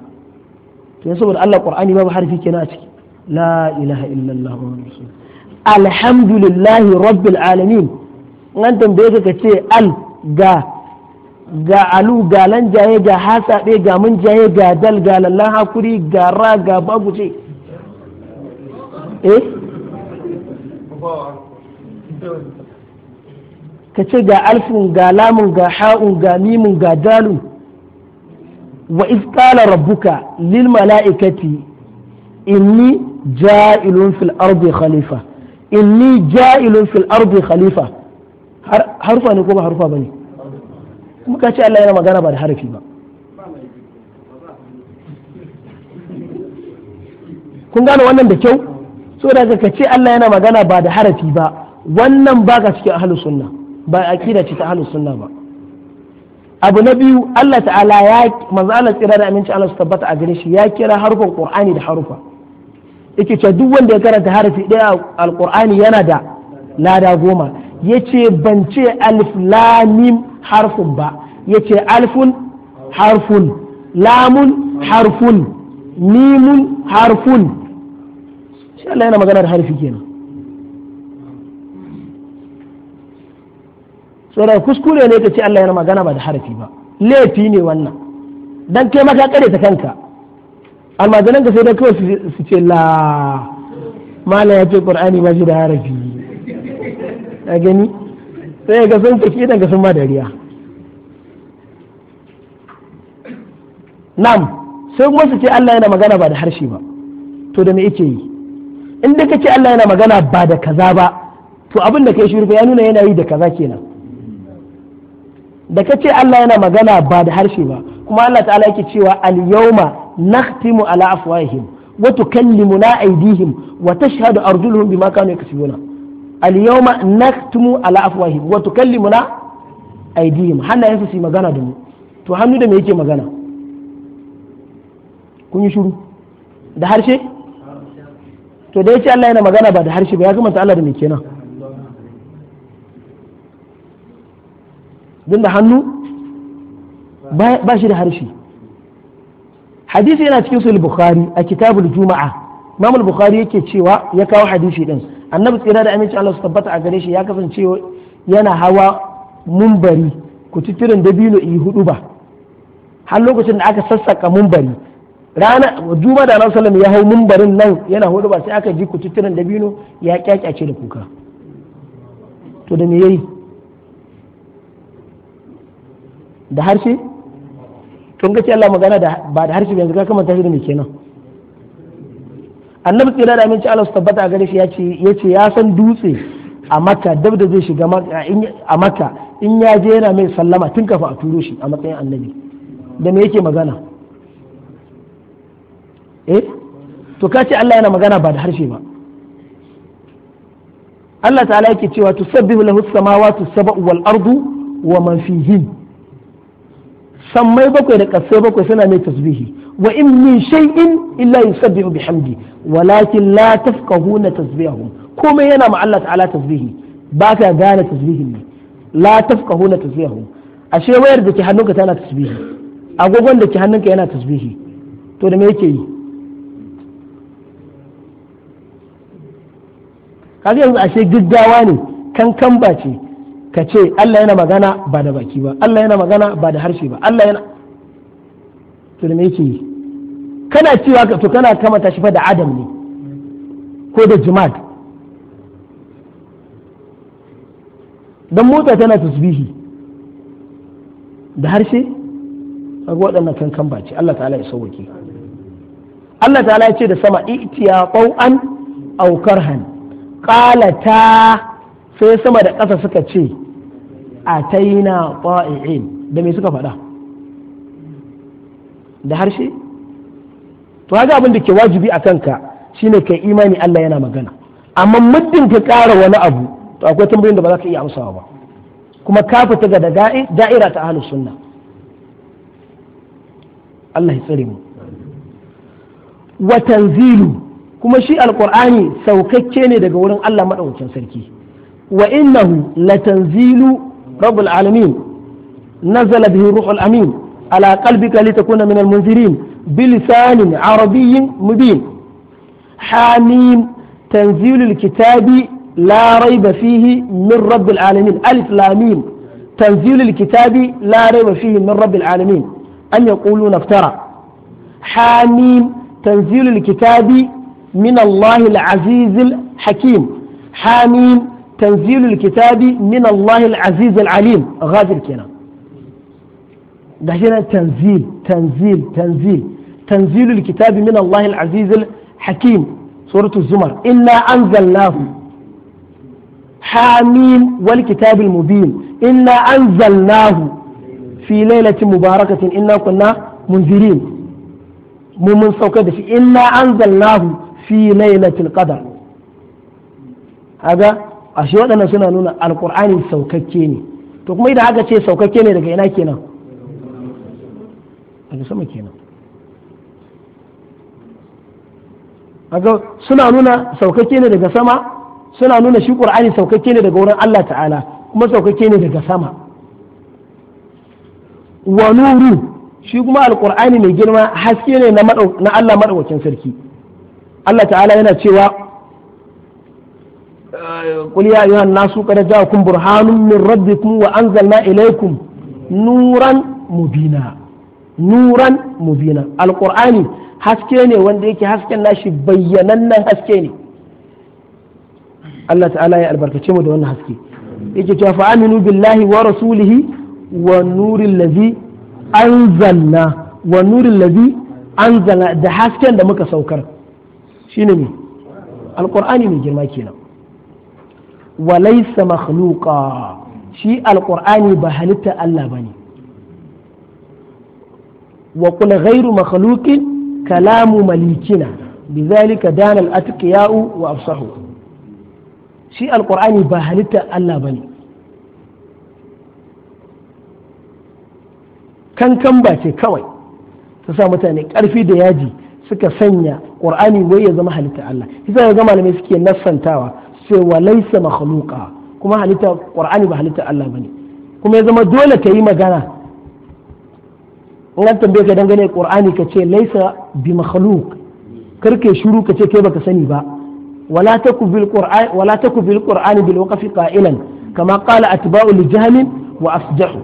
to yanzu saboda Allah Qur'ani babu harfi kenan a ciki la ilaha illallah wa alhamdulillahi rabbil alamin nan tambaye ka ce al ga ga alu ga lanjaye ga hasabe ga munjaye ga dal ga lallan hakuri ga ra ga ce eh ka ce ga alfin ga lamun ga ha'un ga mimun ga dalu wa iskala rabbuka lil mala'ikati inni ja'ilun fil ardi khalifa inni ja'ilun fil ardi khalifa harfa ne ko ba harfa bane muka ce Allah yana magana ba da harafi ba kun gane wannan da kyau so daga ka ce Allah yana magana ba da harafi ba wannan ba ka cikin ahlus sunna ba aqida ce ta sunna ba abu na biyu Allah ta'ala ya manzo Allah tsira da aminci Allah su tabbata a gare shi ya kira harfin Kur'ani da harufa yake cewa duk wanda ya karanta harafi daya alqur'ani yana da lada goma yace ban ce alif lamim harfun ba yace alfun harfun lamun harfun mimun harfun shi Allah yana magana da harfi kenan saboda kuskure ne ka ce Allah yana magana ba da harfi ba laifi ne wannan dan kai maka kare ta kanka almajiran ka sai don kawai su ce la mala ya ce qur'ani ba shi da harafi ya gani sai ga sun tafi idan ga sun ma dariya nam sai kuma su ce Allah yana magana ba da harshe ba to da me yake yi in da kace Allah yana magana ba da kaza ba to abin da kai shirfa ya nuna yana yi da kaza kenan da kace Allah yana magana ba da harshe ba kuma Allah ta'ala yake cewa al-yawma nakhtimu ala afwahihim wa tukallimuna aydihim wa tashhadu arjuluhum bima kanu yaksubuna al-yawma naktumu ala afwahihim wa tukallimuna aydihim hannayensu su magana da mu to hannu da yake magana kun shiru da harshe to da yace Allah yana magana ba da harshe ba ya kamata Allah da kenan din da hannu ba shi da harshe hadisi yana cikin sul bukhari a kitabul juma'a imam bukhari yake cewa ya kawo hadisi din annabi tsira da aminci Allah su tabbata a gare shi ya kasance yana hawa mumbari ku titirin dabino yi hudu ba har lokacin da aka sassaka mumbari rana juma da nan sallam ya hau mumbarin nan yana hudu ba sai aka ji ku titirin dabino ya kyakyace da kuka to da me yayi da harshe tun ga ce Allah magana ba da harshe yanzu ka kamanta shi da me kenan annabi tsira da aminci Allah su tabbata gare shi ya ce ya san dutse a makka dab da zai shiga a makka in ya je yana mai sallama tun kafa a turo shi a matsayin annabi da me yake magana eh to ka ce Allah yana magana ba da harshe ba Allah ta'ala yake cewa tusabbihu lahu samawati sab'u wal ardu wa man fihi sammai bakwai da kasai bakwai suna mai tasbihi wa in min shay'in illa yusabbihu bihamdi walakin la tafqahuna tasbihahum komai yana ma Allah ta'ala tasbihi ba ka gane tasbihin ne la tafqahuna tasbihahum ashe wayar da ke hannunka tana tasbihi agogon da ke hannunka yana tasbihi to da yake yi kaga yanzu ashe gaggawa ne kankan ba ce ka ce Allah yana magana ba da baki ba Allah yana magana ba da harshe ba Allah yana to da yake yi kana cewa to kana kamata shi fa da adam ne ko da jimad don mota tana tasbihi da harshe ga waɗannan kankan ba Allah ta'ala ya sauwake Allah ta'ala ya ce da sama itiya qau'an aw karhan qalata sai sama da ƙasa suka ce ataina qa'i'in da me suka faɗa da harshe to haka abin da ke wajibi a kanka ne kai imani Allah yana magana amma muddin ka ƙara wani abu to akwai tambayoyin da ba za ka iya amsawa ba kuma ka fita ga da da'ira ta ahlus sunna Allah ya tsare mu wa tanzilu kuma shi alqur'ani saukakke ne daga wurin Allah madaukakin sarki wa innahu latanzilu rabbul alamin nazala bihi ruhul amin على قلبك لتكون من المنذرين بلسان عربي مبين حاميم تنزيل الكتاب لا ريب فيه من رب العالمين ألف لامين تنزيل الكتاب لا ريب فيه من رب العالمين أن يقولون افترى حاميم تنزيل الكتاب من الله العزيز الحكيم حاميم تنزيل الكتاب من الله العزيز العليم غادر كنا gashi nan tanzil tanzil tanzil tanzilul kitabi min Allah hakim suratul zumar inna anzalnahu hamim wal kitabil mubin inna anzalnahu fi lailatin mubarakatin inna kunna munzirin mu mun saukar da shi inna anzalnahu fi lailatul qadar haga ashe waɗannan suna nuna alqur'ani saukakke ne to kuma idan aka ce saukakke ne daga ina kenan daga sama kenan aga suna nuna saukake ne daga sama suna nuna shi qur'ani saukake ne daga wurin Allah ta'ala kuma saukake ne daga sama wa nuru shi kuma alqur'ani mai girma haske ne na na Allah madaukakin sarki Allah ta'ala yana cewa قل يا أيها الناس قد جاءكم برهان من ربكم وأنزلنا إليكم نورا مبينا nuran mubina alqur'ani haske ne wanda yake hasken nashi bayyanannen haske ne Allah ta'ala ya albarkace mu da wannan haske yake cewa fa aminu billahi wa rasulihi wa nurin ladhi anzalna wa nurin ladhi anzalna da hasken da muka saukar shine me alqur'ani mai girma kenan wa laysa makhluqa shi alqur'ani ba halitta Allah bane wa qul ghairu makhluqin kalamu malikina bizalika dana al-atqiya'u wa afsahu shi alqur'ani ba halitta Allah bane kankan ba ce kawai ta sa mutane ƙarfi da yaji suka sanya qur'ani wai ya zama halitta Allah yasa ga malamai suke nasantawa sai wa laysa makhluqa kuma halitta qur'ani ba halitta Allah bane kuma ya zama dole ka yi magana in an tambaye ka dangane qur'ani ka ce laisa bi makhluq karke shiru ka ce kai baka sani ba wala taku bil qur'ani wala taku bil qur'ani bil waqfi qa'ilan kama qala atba'u li jahl wa asjahu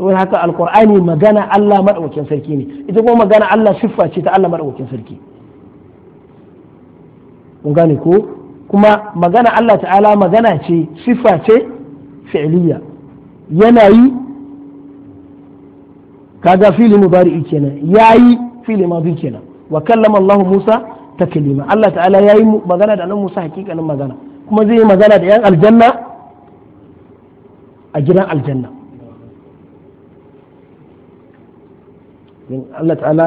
wai haka alqur'ani magana Allah madaukakin sarki ne ita kuma magana Allah siffa ce ta Allah madaukakin sarki kun gane ko kuma magana Allah ta'ala magana ce siffa ce fi'liya yana yi kaga fili mubari'i kenan yayi fili madi kenan wa kallama Allah Musa taklima Allah ta'ala yayi magana da annabi Musa hakikanin magana kuma zai yi magana da yan aljanna a gidan aljanna Allah ta'ala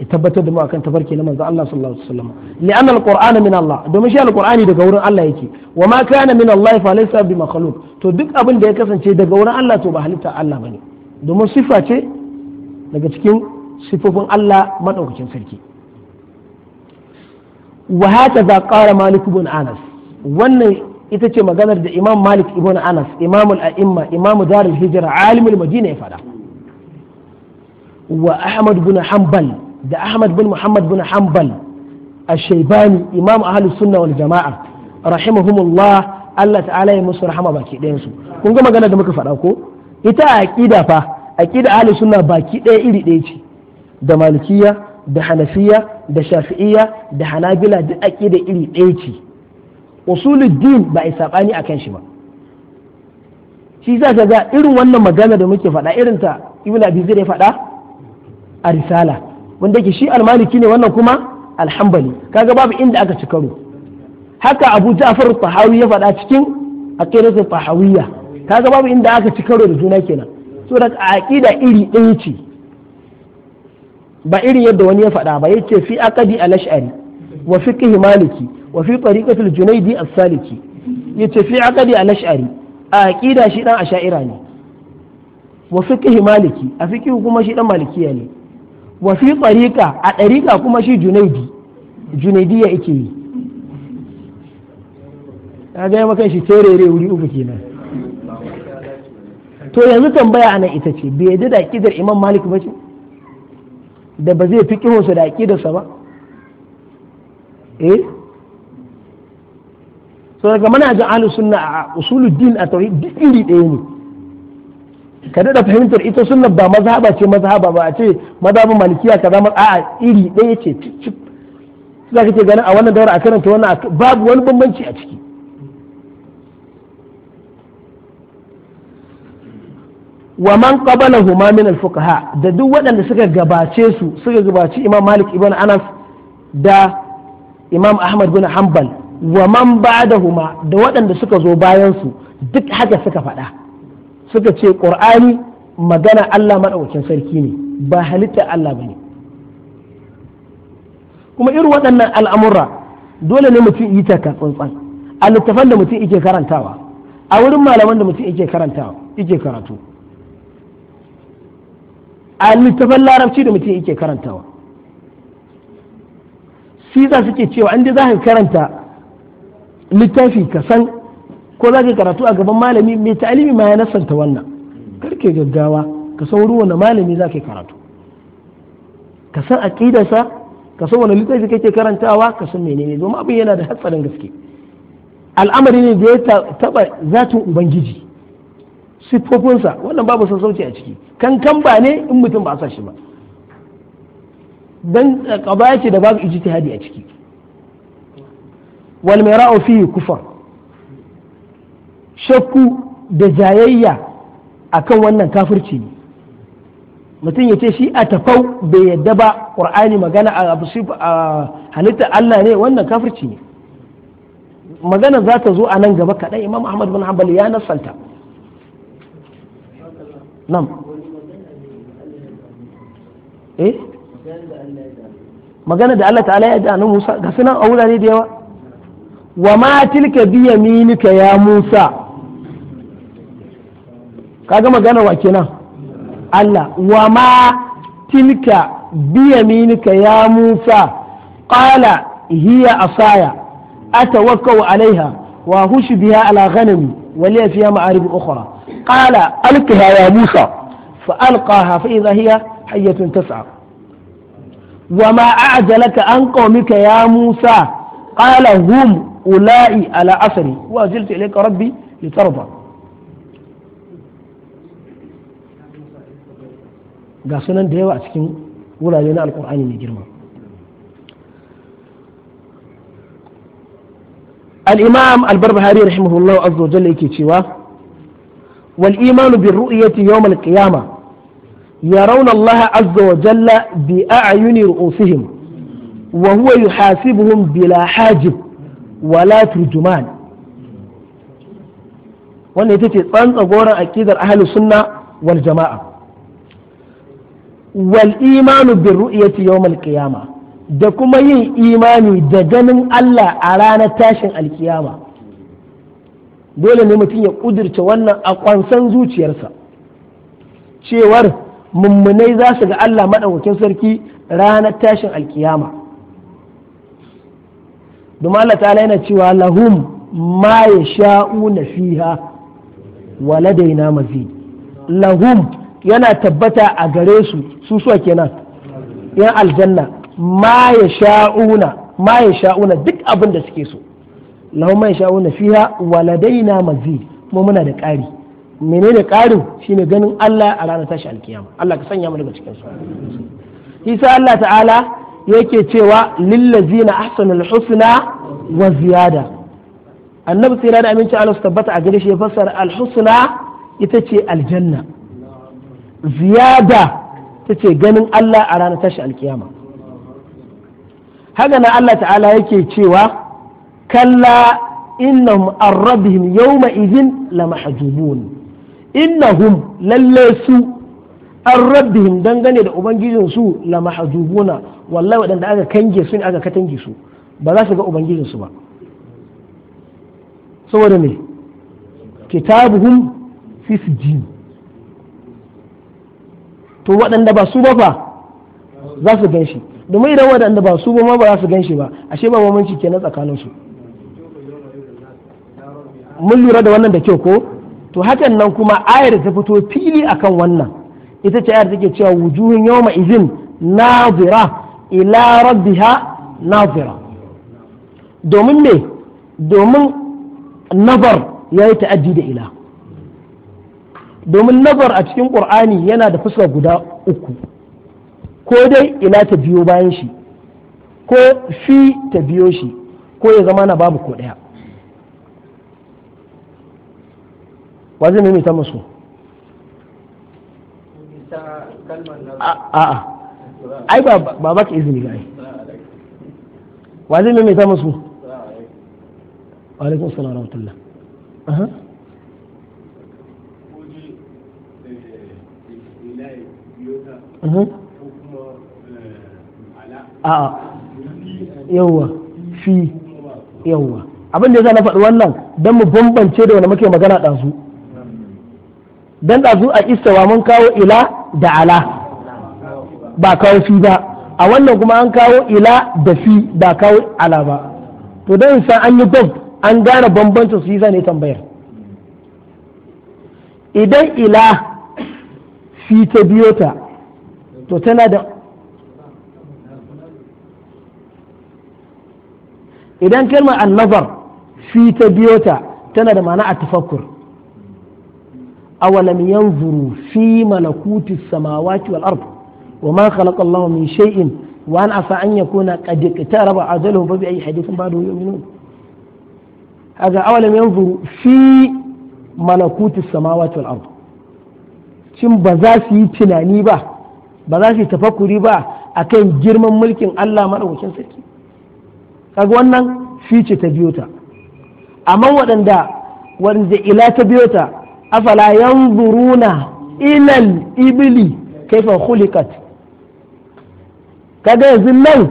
ya tabbatar da mu akan tafarki na manzo Allah sallallahu alaihi wasallam li'anna al min Allah domin shi al-qur'ani daga wurin Allah yake wa ma kana min Allah fa laysa bi makhluq to duk abin da ya kasance daga wurin Allah to ba halitta Allah bane domin sifa ce daga cikin sifofin Allah maɗaukacin sarki wa haka za qara malik ibn anas wannan ita ce maganar da imam malik ibn anas imamul a'imma imamu darul hijra alimul madina ya faɗa. wa ahmad bin hanbal da ahmad bin muhammad bin hanbal الشيباني imam أهل السنة wal jama'a rahimahumullah Allah ta'ala ya musu rahama baki ɗayan su kun ga maganar da muka faɗa ko ita a aqida fa aqida ahli sunna baki ɗaya iri ɗaya ce da malikiya da hanafiya da shafi'iya da hanabila duk aqida iri ɗaya ce usuluddin ba a sabani akan shi ba shi za ka ga irin wannan magana da muke faɗa irin ta ibn abi zai faɗa a risala wanda ke shi almaliki ne wannan kuma alhambali kaga babu inda aka ci karo haka abu ja'far tahawi ya faɗa cikin aqidatul tahawiyya kaga babu inda aka ci karo da juna kenan saboda a aƙida iri ɗaya ce ba irin yadda wani ya faɗa ba yace fi aqdi al-ash'ari wa fiqh maliki wa fi tariqati al-junaidi as-saliki ce fi aqdi al-ash'ari a aqida shi dan asha'ira ne wa fiqh maliki a fiqh kuma shi dan malikiya ne wa fi tariqa a tariqa kuma shi junaidi junaidi ya yake yi kaga ya makan shi terere wuri uku kenan to yanzu tambaya ana ita ce bai yadda da aƙidar imam malik ba ce da ba zai fi kihonsa da aƙidarsa ba eh so daga mana ji alu sunna a din a tauri duk iri ɗaya ne ka da fahimtar ita sunna ba mazhaba ce mazhaba ba a ce mazhabin malikiya kaza ma a'a iri ɗaya ce cip za ka ce ganin a wannan daura a karanta wannan babu wani bambanci a ciki wa man ma min al-fuqaha da duk waɗanda suka gabace su suka gabaci Imam Malik ibn Anas da Imam Ahmad bin Hanbal wa man ba'dahuma da waɗanda suka zo bayan su duk haka suka faɗa suka ce Qur'ani magana Allah madaukakin sarki ne ba halitta Allah bane kuma irin waɗannan al'amura dole ne mutum yi taka tsantsan a littafan da mutum yake karantawa a wurin malaman da mutum yake karantawa yake karatu a littafin larabci da mutum yake karantawa shi za suke cewa an za ka karanta littafi ka san ko za ka karatu a gaban malami mai ta'alimi ma ya nasanta wannan karke gaggawa ka san wani malami za ka karatu ka san aqidarsa ka san wani littafi kake karantawa ka san menene domin abin yana da hatsarin gaske al'amari ne da ya taba zatin ubangiji siffofinsa wannan babu sassauci a ciki kankan ba ne in mutum ba a sa shi ba dan kaba eh, yake da babu ijtihadi a ciki wal mira'u fi kufar shakku da jayayya akan wannan kafirci ne mutum ya ce shi a tafau bai yadda ba qur'ani magana a halitta Allah ne wannan kafirci ne magana za ta zo a nan gaba kaɗai imam ahmad bin hanbal ya nasalta nan eh magana da Allah ta'ala ya da Musa ga sunan a ne da yawa wa ma tilka bi yaminika ya Musa kaga magana wa kenan Allah wa ma tilka bi yaminika ya Musa qala hiya asaya atawakkau alaiha wa hushu biha ala ghanami wa liya fiha ma'arib ukhra qala alqiha ya musa fa alqaha fa idha hiya hayyatun tas'a wa ma a'jalaka an qaumika ya musa qala hum ula'i ala asri wa ajiltu ilayka rabbi litarda ga sunan da yawa a cikin wurare na alkur'ani mai girma al'imam albarbahari rahimahullahu azza wa jalla yake cewa والإيمان بالرؤية يوم القيامة يرون الله عز وجل بأعين رؤوسهم وهو يحاسبهم بلا حاجب ولا ترجمان wanda ita ce tsantsa goron aƙidar ahli sunna wal jama'a wal imanu bi ru'yati yawmal qiyama da kuma yin imani da ganin Allah a ranar tashin alkiyama dole ne mutum ya kudirce wannan a kwansan zuciyarsa cewar mummunai za su ga Allah maɗaukakin sarki ranar tashin alkiyama domin Allah ta yana cewa lahum ma ya sha'una fiha waladaina mazi lahum yana tabbata a gare su su suwa kenan yan aljanna ma ya sha'una ma ya sha'una duk abin da suke so lahum man na fiha waladaina na mazid kuma muna da ƙari menene ƙarin shine ganin Allah a ranar tashi alkiyama Allah ka sanya mu daga cikin su isa Allah ta'ala yake cewa lillazina ahsanul husna wa ziyada annabi sai da aminci Allah su tabbata a gare shi ya fassara alhusna ita ce aljanna ziyada ta ce ganin Allah a ranar tashi alkiyama haka na Allah ta'ala yake cewa kalla innahum an rabbihim yawma idin la mahjubun innahum lalle su an rabbihim dangane da ubangijin su la mahjubuna wallahi wadanda aka kange su ne aka katange su ba za su ga ubangijin ba saboda me kitabuhum fi to waɗanda ba su ba fa za su gan domin idan waɗanda ba su ba ma ba za su gan shi ba ashe ba mamanci kenan tsakanin su mun lura da wannan da kyau ko to hakan nan kuma ayar da ta fito fili akan wannan ita ce ayar take cewa wujuhun yawma izin nazira ila rabbiha nazira domin me domin nazar ya ta'addi da ila domin nazar a cikin qur'ani yana da fuska guda uku ko dai ila ta biyo bayan shi ko fi ta biyo shi ko ya zama na babu ko ɗaya wa zai maimaita musu a'a ai ba baka izini ga ai wa zai maimaita musu wa alaikum salam wa rahmatullah aha a'a yawwa fi yawwa abin da ya na faɗi wannan don mu bambance da wani muke magana ɗansu dan ɗazu a istawa mun kawo ila da ala ba kawo fi ba a wannan kuma an kawo ila da fi ba kawo ala ba to dan san an yi gwab an gane bambancin su yasa ne tambayar idan ila fi ta biyo ta to tana da idan kalmar fi ta biyo ta tana da ma'ana a tafakkur awalam yanzuru fi malakuti samawati wal ard wa ma khalaqa Allah min shay'in wa an asa an yakuna qad iqtaraba ajaluhum fa bi ayi hadithin ba'dahu yu'minun haga awalam yanzuru fi malakuti samawati wal ard shin ba za su yi tunani ba ba za su yi tafakkuri ba akan girman mulkin Allah madaukakin wannan fi ce ta biyo ta amma waɗanda wanda ila ta biyo ta afala na ilal ibili kaifa hulikat kaga yanzu nan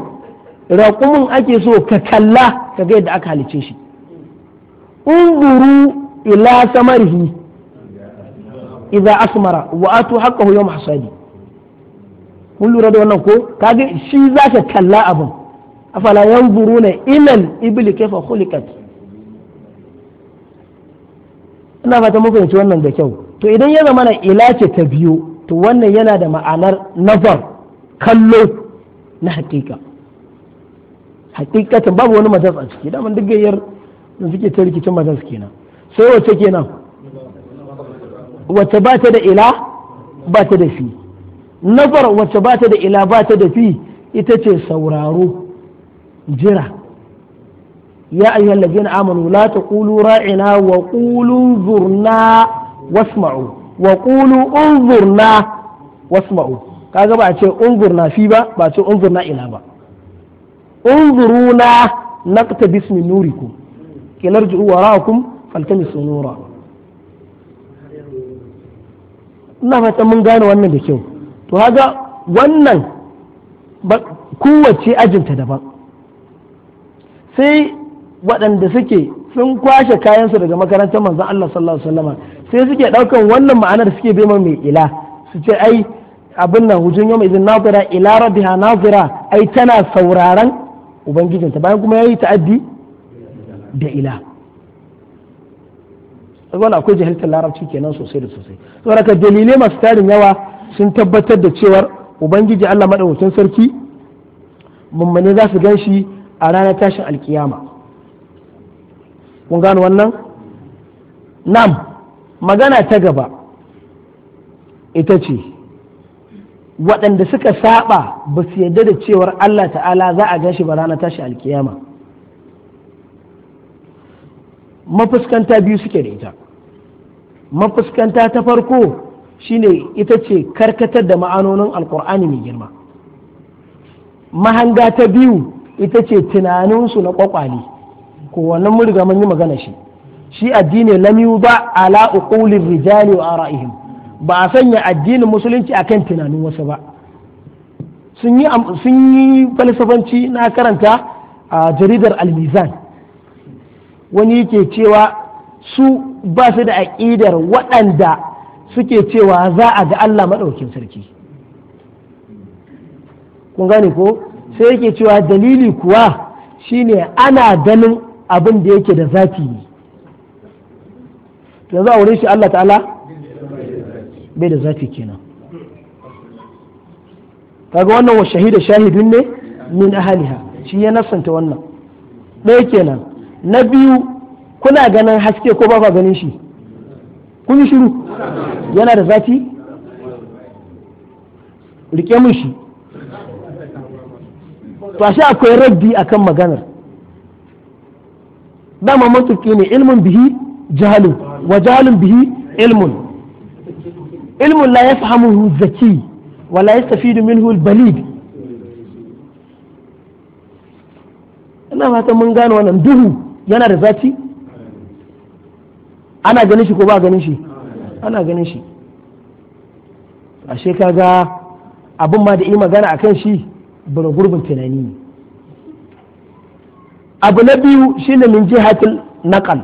raƙumin ake so ka kalla ka ga yadda aka halice shi unzuru ila samarihi idza asmara wa atu haqqahu yawm hasadi kun lura da wannan ko kaga shi zaka kalla abin afala na ilal ibili kaifa hulikat ina fata mun fahimci wannan da kyau to idan ya zama na ila ce ta biyu to wannan yana da ma'anar nazar kallo na hakika hakikatan babu wani matas a ciki daman duk gayyar da suke ta rikicin matas kenan sai wacce kenan wacce ba ta da ila ba ta da fi nazar wacce ba ta da ila ba ta da fi ita ce sauraro jira Ya أيها الذين آمنوا لا تقولوا راعنا وقولوا انظرنا واسمعوا وقولوا انظرنا واسمعوا kaga ba ce unzurna fi ba ba ce unzurna ina ba unzuruna naqta bismi nurikum kilarju waraakum faltamisu nura ina fata mun gane wannan da kyau to haga wannan kowace ajinta daban sai waɗanda suke sun kwashe kayansu daga makarantar manzon Allah sallallahu alaihi wasallam sai suke ɗaukan wannan ma'anar suke bai mai ila su ce ai abin nan hujun yau izin nazira ila rabbiha nazira ai tana sauraron ubangijinta bayan kuma yayi ta'addi da ila wala akwai jahiltar larabci kenan sosai da sosai saboda dalilai masu tarin yawa sun tabbatar da cewar ubangiji Allah madaukakin sarki mummune za su gan shi a ranar tashin alkiyama kun gano wannan nam magana ta gaba ita ce waɗanda suka saba ba su yarda da cewar Allah ta'ala za a gashi ba rana tashi alkiyama mafuskanta biyu suke da ita mafuskanta ta farko shine ita ce karkatar da ma'anonin alkur'ani mai girma mahanga ta biyu ita ce tunaninsu na kwakwale ko wannan mun riga mun yi magana shi shi addini lam ba ala uqulir rijali wa ara'ihim ba a sanya addinin musulunci akan tunanin wasu ba sun yi sun yi falsafanci na karanta a jaridar al-mizan wani yake cewa su ba su da aƙidar waɗanda suke cewa za a ga Allah maɗaukin sarki kun gane ko sai yake cewa dalili kuwa shine ana ganin abin da yake da zafi ne yanzu a wurin shi Allah ta'ala bai da zafi kenan kaga wannan wa shahida shahidun ne min ahaliha shi ya nasanta wannan ɗaya kenan na biyu kuna ganin haske ko ba ganin shi kun yi shiru yana da zafi rike mun shi to akwai raddi akan maganar dama mantuki ne ilmun bihi jahalu wa jahalun bihi ilmun ilmun la ya yafhamuhu zaki wa la yastafidu minhu balid ina fatan mun gane wannan duhu yana da zaci ana ganin shi ko ba ganin shi ana ganin shi ashe kaga abin ma da yi magana a kan shi bura gurbin tunani ne abu na biyu shine min jihatil naqal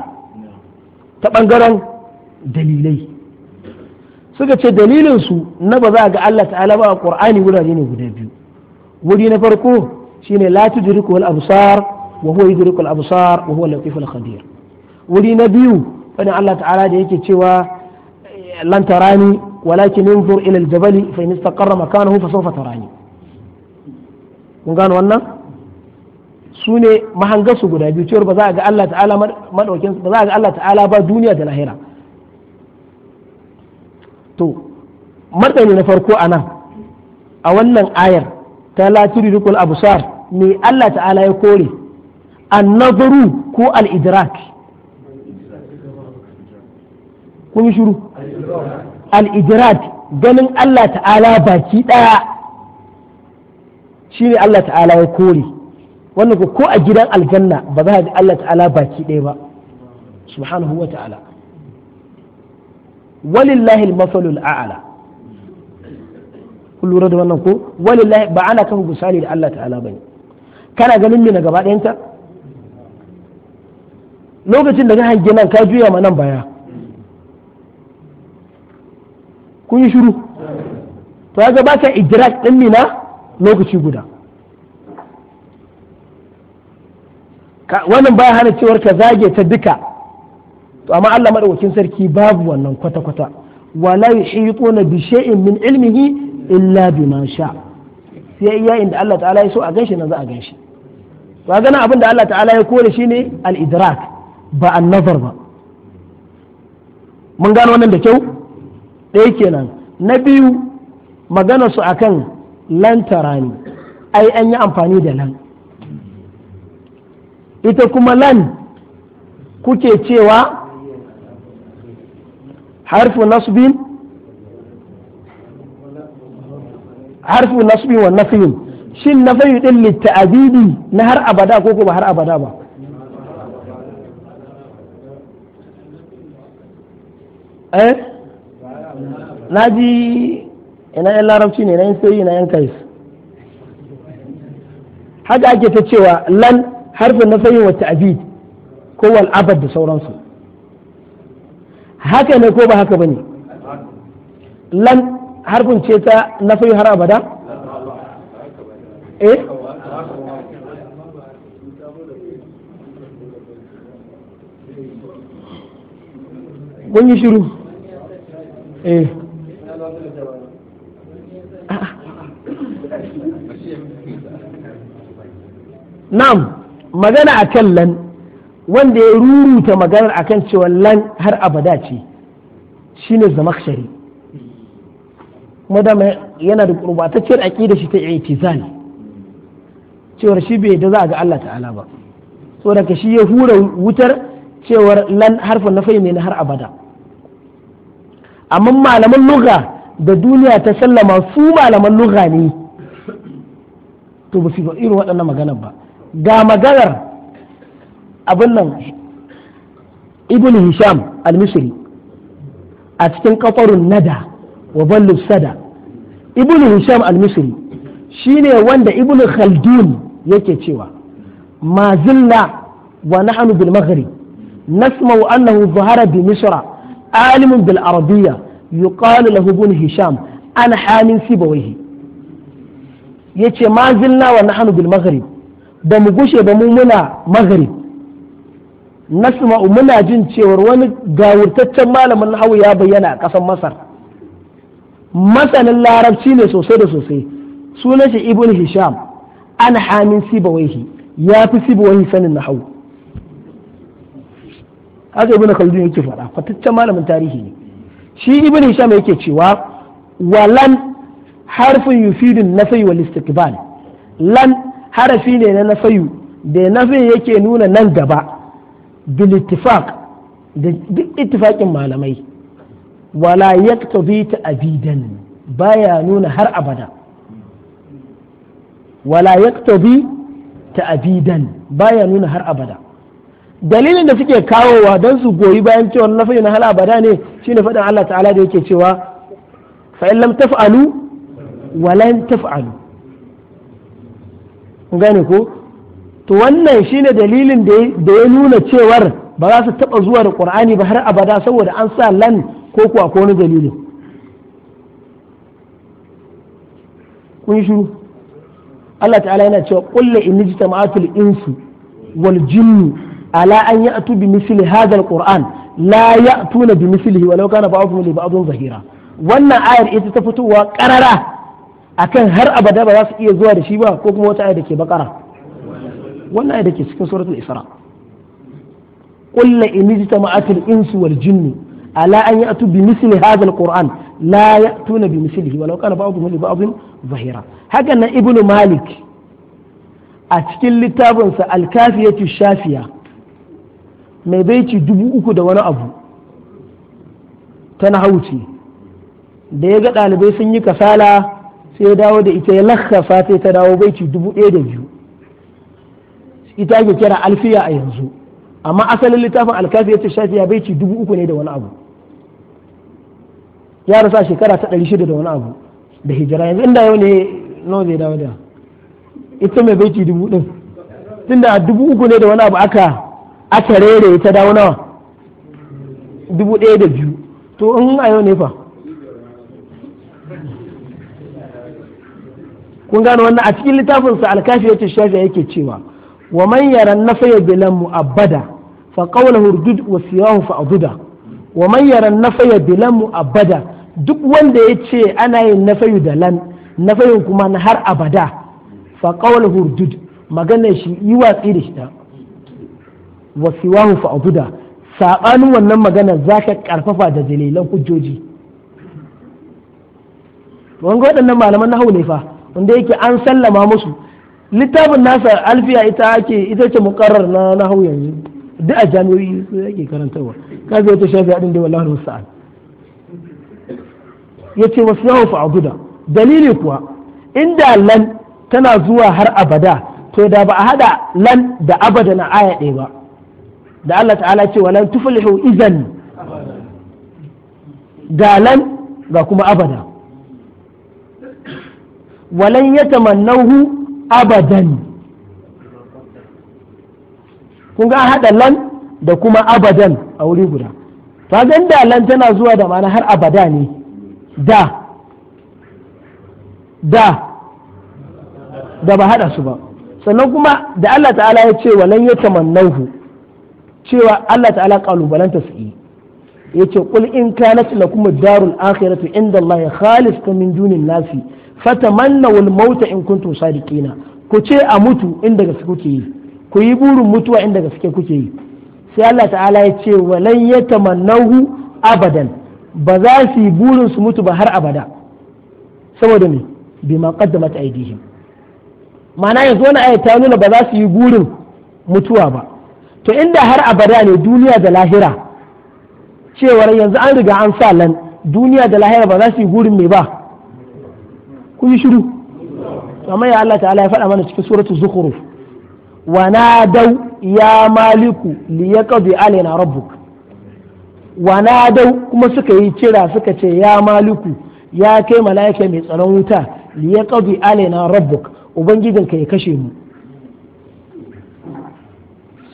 ta bangaren dalilai suka ce dalilin su na ba za ga Allah ta'ala ba a Qur'ani wurare ne guda biyu wuri na farko shine la tudriku al absar wa huwa yudriku al absar wa huwa latif al khabir wuri na biyu fadin Allah ta'ala da yake cewa lan tarani walakin انظر الى الجبل فان استقر مكانه فسوف تراني kun gano wannan su ne mahangarsu guda biyu cewar ba za a ga Allah ta'ala madaukin ba za a ga Allah ta'ala ba duniya da lahira to martani na farko a nan a wannan ayar ta la abu absar me Allah ta'ala ya kore an-nazaru ko al-idrak kun shiru al-idrak ganin Allah ta'ala baki daya shine Allah ta'ala ya kore wannan ko ko a gidan aljanna ba za a ji Allah ta'ala baki ɗaya ba subhanahu wa ta'ala walillahi al-mafalul a'la kullu da wannan ko walillahi ba ana kan misali da Allah ta'ala bane kana ganin na gaba ɗayanta lokacin da ka hange nan ka juya ma nan baya kun yi shiru to ga baka idrak din mina lokaci guda wannan baya hana cewar ka zage ta duka to amma Allah madaukakin sarki babu wannan kwata kwata wala yuhituna bi shay'in min ilmihi illa bima sha sai iya inda Allah ta'ala ya so a ganshi nan za a ganshi to ga abin da Allah ta'ala ya kore shine al-idrak ba an-nazar ba mun gano wannan da kyau ɗaya kenan na biyu magana su akan lantarani ai an yi amfani da lan ita kuma lan kuke cewa harfu nasbin harfu nasbin wa nafiyin shin nafayu din litta'abidi na har abada ko ko ba har abada ba eh na ji ina yan larabci ne na yin sai na yan kais haka ake ta cewa lan harfin na sayi wata abid ko wal abad da sauransu haka ne ko ba haka bane lan harfin ce ta na sayi har abada eh kun yi shiru eh na'am magana a kan lan wanda ya ruruta maganar akan cewa lan har abada ce shine zamakshari kuma dama yana da gurbatacciyar aƙida shi ta i'tizali cewar shi bai da za a ga Allah ta'ala ba saboda ka shi ya hura wutar cewar lan harfin na ne na har abada amma malaman luga da duniya ta sallama su malaman luga ne to ba su irin waɗannan maganar ba ga maganar abin nan ibn hisham al-misri a cikin kafarun nada wa ballu sada ibn hisham al-misri shine wanda ibn khaldun yake cewa ma zilla wa nahnu bil maghrib nasma'u annahu zahara bi misra alimun bil arabiyya yuqalu lahu ibn hisham an hamin sibawayhi yace ma zilla wa nahnu bil maghrib ba mu gushe ba mu muna maghrib nasma'u muna jin cewar wani gawurtaccen malamin nahawu ya bayyana a ƙasar masar masanin larabci ne sosai da sosai sunan shi ibn hisham an hamin sibawaihi ya fi sibawaihi sanin nahawu haka ibn khaldun yake faɗa kwataccen malamin tarihi ne shi ibn hisham yake cewa walan harfin yufidin nasai wal istiqbal lan harafi ne na nafayu da nafin yake nuna nan gaba bilittifak da duk ittifakin malamai wala ya ta abidan baya nuna har abada wala ya ta abidan baya nuna har abada dalilin da suke kawowa don su goyi bayan cewa nafi na hala abada ne shi ne faɗin Allah ta'ala da yake cewa fa in lam taf'alu walan gane ko to wannan shine dalilin da ya nuna cewar ba za su taba zuwa da qur'ani ba har abada saboda an sa lan ko kuwa ko wani dalili kun shiru Allah ta'ala yana cewa qul in ijtama'atul insu wal jinni ala an ya'tu bi misli hadha quran la ya'tuna bi mislihi walau kana ba'dhum li ba'dhin zahira wannan ayar ita ta fitowa qarara akan har abada ba za su iya zuwa da shi ba ko kuma wata aya da ke bakara wannan aya da ke cikin suratul isra qul in ijtama'atil insu wal jinni ala an ya'tu bi misli hadha qur'an la ya'tuna bi mislihi walau kana ba'dhum li ba'dhin zahira haka na ibnu malik a cikin littafinsa alkafiyatu shafiya mai baiti dubu uku da wani abu ta na hauci da ya ga ɗalibai sun yi kasala sai ya dawo da ita ya lakhafa sai ta dawo baiti dubu ɗaya da biyu ita ake kira alfiya a yanzu amma asalin littafin alkafi ya ce shafiya baiti dubu uku ne da wani abu ya rasa shekara ta ɗari shida da wani abu da hijira yanzu inda yau ne nawa zai dawo da ita mai baiti dubu ɗin tunda dubu uku ne da wani abu aka aka rere ta dawo nawa dubu ɗaya da biyu to in a yau ne fa kun gane wannan a cikin littafin sa alkafi yace shafi yake cewa wa man yara nafaya bilan mu'abbada fa qawluhu rudud wa siyahu fa aduda wa man yara nafaya bilan mu'abbada duk wanda yace ana yin nafayu da lan nafayin kuma na har abada fa qawluhu rudud maganar shi yi watsi da shi wa siyahu fa aduda sabanin wannan magana zaka karfafa da dalilan hujjoji wanga waɗannan malaman na ne fa wanda yake an sallama musu littafin nasa alfiya ita ake ita ce muqarrar na nahu yanzu duk a jami'o'i su yake karantarwa kafi wata shafi adin da wallahi musta'an yace wasnahu fa'buda dalili kuwa inda lan tana zuwa har abada to da ba a hada lan da abada na aya ɗaya ba da Allah ta'ala ce walan tuflihu idan ga lan ga kuma abada walan يتمنوه ابدا kun ga haɗa lan da kuma abadan a wuri guda ta da lan tana zuwa da ma'ana har abada ne da da da ba haɗa su ba sannan kuma da Allah ta'ala ya ce walan ya tamannahu cewa Allah ta'ala qalu balan yi ya ce kul in kanat lakum darul akhiratu inda Allah ya khalis min dunin nasi wal mauta in kuntum sadiqina ku ce a mutu inda gaske kuke yi ku yi burin mutuwa inda gaske kuke yi sai Allah ta'ala ya ce walan yatamannahu abadan ba za su yi burin su mutu ba har abada saboda me ma qaddamat aydihim ma'ana yanzu wani ayat ta nuna ba za su yi burin mutuwa ba to inda har abada ne duniya da lahira cewar yanzu an riga an sa lan duniya da lahira ba za su yi burin me ba kun yi shiru amma ya Allah ta'ala ya faɗa mana cikin suratul zukhruf wa nadau ya maliku yaqdi alaina rabbuk wa nadau kuma suka yi kira suka ce ya maliku ya kai mala'ika mai tsaron wuta yaqdi alaina rabbuk ka ya kashe mu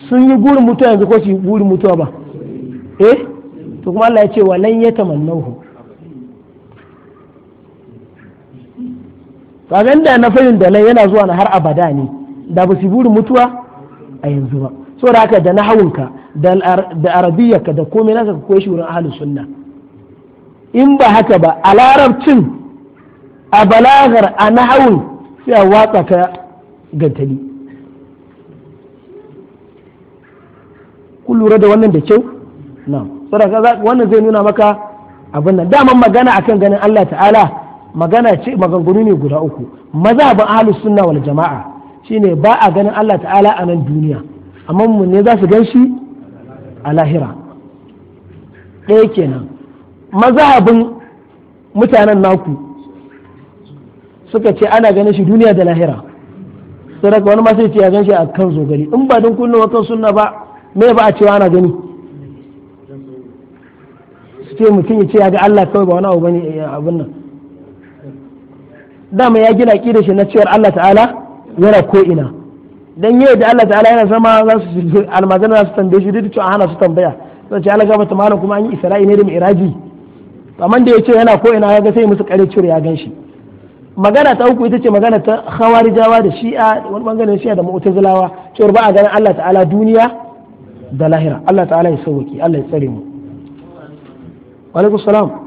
sun yi gurin mutuwa yanzu ko su yi gurin mutuwa ba eh to kuma Allah ya ce wa lan yatamannahu a ganda na fahim da yana zuwa na har abada ne da ba su burin mutuwa a yanzu ba so da haka da nahawunka da arabiyyarka da komai naka ka koyi shi ahalin sunna in ba haka ba a larabcin a balagar a nahawun sai a watsa ka gantali kun lura da wannan da kyau na wannan zai nuna maka abin nan daman magana akan ganin Allah ta'ala magana ce maganganu ne guda uku maza ba ahlu sunna wal jama'a shine ba a ganin Allah ta'ala a nan duniya amma mu ne za su gan a lahira ɗaya kenan mazhabin mutanen naku suka ce ana ganin shi duniya da lahira sai daga wani masu ce ya gan a kan zogali in ba don kunna kan sunna ba me ba a cewa ana gani su ce mutum ya ce ya ga Allah kawai ba wani abu bane eh, abin nan dama ya gina ki da shi na cewar Allah ta'ala yana ko ina dan yau da Allah ta'ala yana sama za su almazan za su tambaye shi duk cewa hana su tambaya sai ce Allah gaba malam kuma an yi isra'i ne da mi'raji amma da yace yana ko ina ga sai musu kare cewar ya ganshi magana ta uku ita ce magana ta khawarijawa da shi'a wani bangaren shi'a da mu'tazilawa cewar ba a ganin Allah ta'ala duniya da lahira Allah ta'ala ya sauki Allah ya tsare mu wa alaikum salam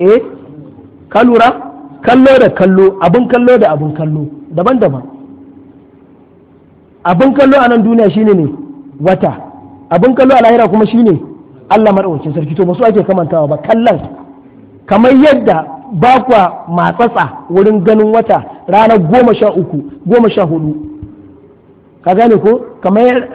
eh ka lura kallo da kallo abin kallo da abin kallo daban-daban abin kallo a nan duniya shine ne wata abin kallo a lahira kuma shine Allah madaukakin sarki to ba su ake kamantawa ba kallon kamar yadda ba kwa matsatsa wurin ganin wata ranar goma sha uku goma sha hudu ka gane ko kamar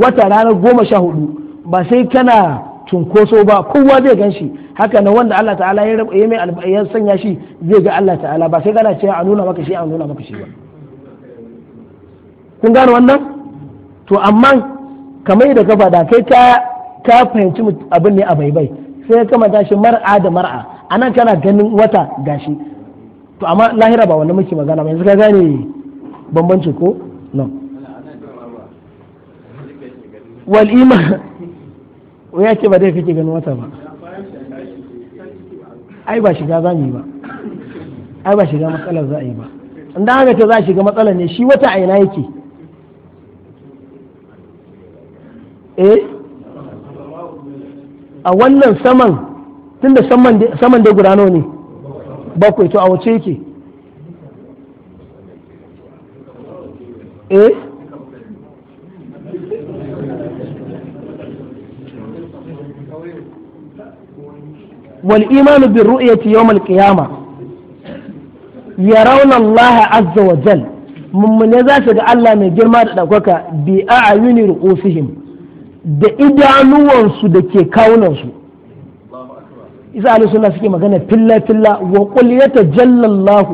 wata ranar goma sha hudu ba sai kana cunkoso ba kowa zai gan shi haka nan wanda Allah ta'ala ya mai sanya shi zai ga Allah ta'ala ba sai kana cewa a nuna maka shi a nuna maka shi ba kun gane wannan to amma kamar da kafa da kai ka fahimci abin ne a baibai sai ka mata shi mar'a da mar'a anan kana ganin wata gashi to amma lahira ba wanda muke magana ba yanzu ka gane bambanci ko no wal iman ya ce ba zai kake ganin wata ba ai ba shiga za mu yi ba ai ba shiga matsalar za a yi ba inda haka ce za a shiga matsalar ne shi wata a ina yake eh a wannan saman tunda saman da gudano ne bakwai to a wace yake eh wal imanu bir ru'yati yawm al qiyama yarawna Allah azza wa jal za su ga Allah mai girma da ɗaukaka bi a'yuni ru'usihim da idanuwansu da ke kawunansu isa ahli suna suke magana filla filla wa qul yatajalla Allah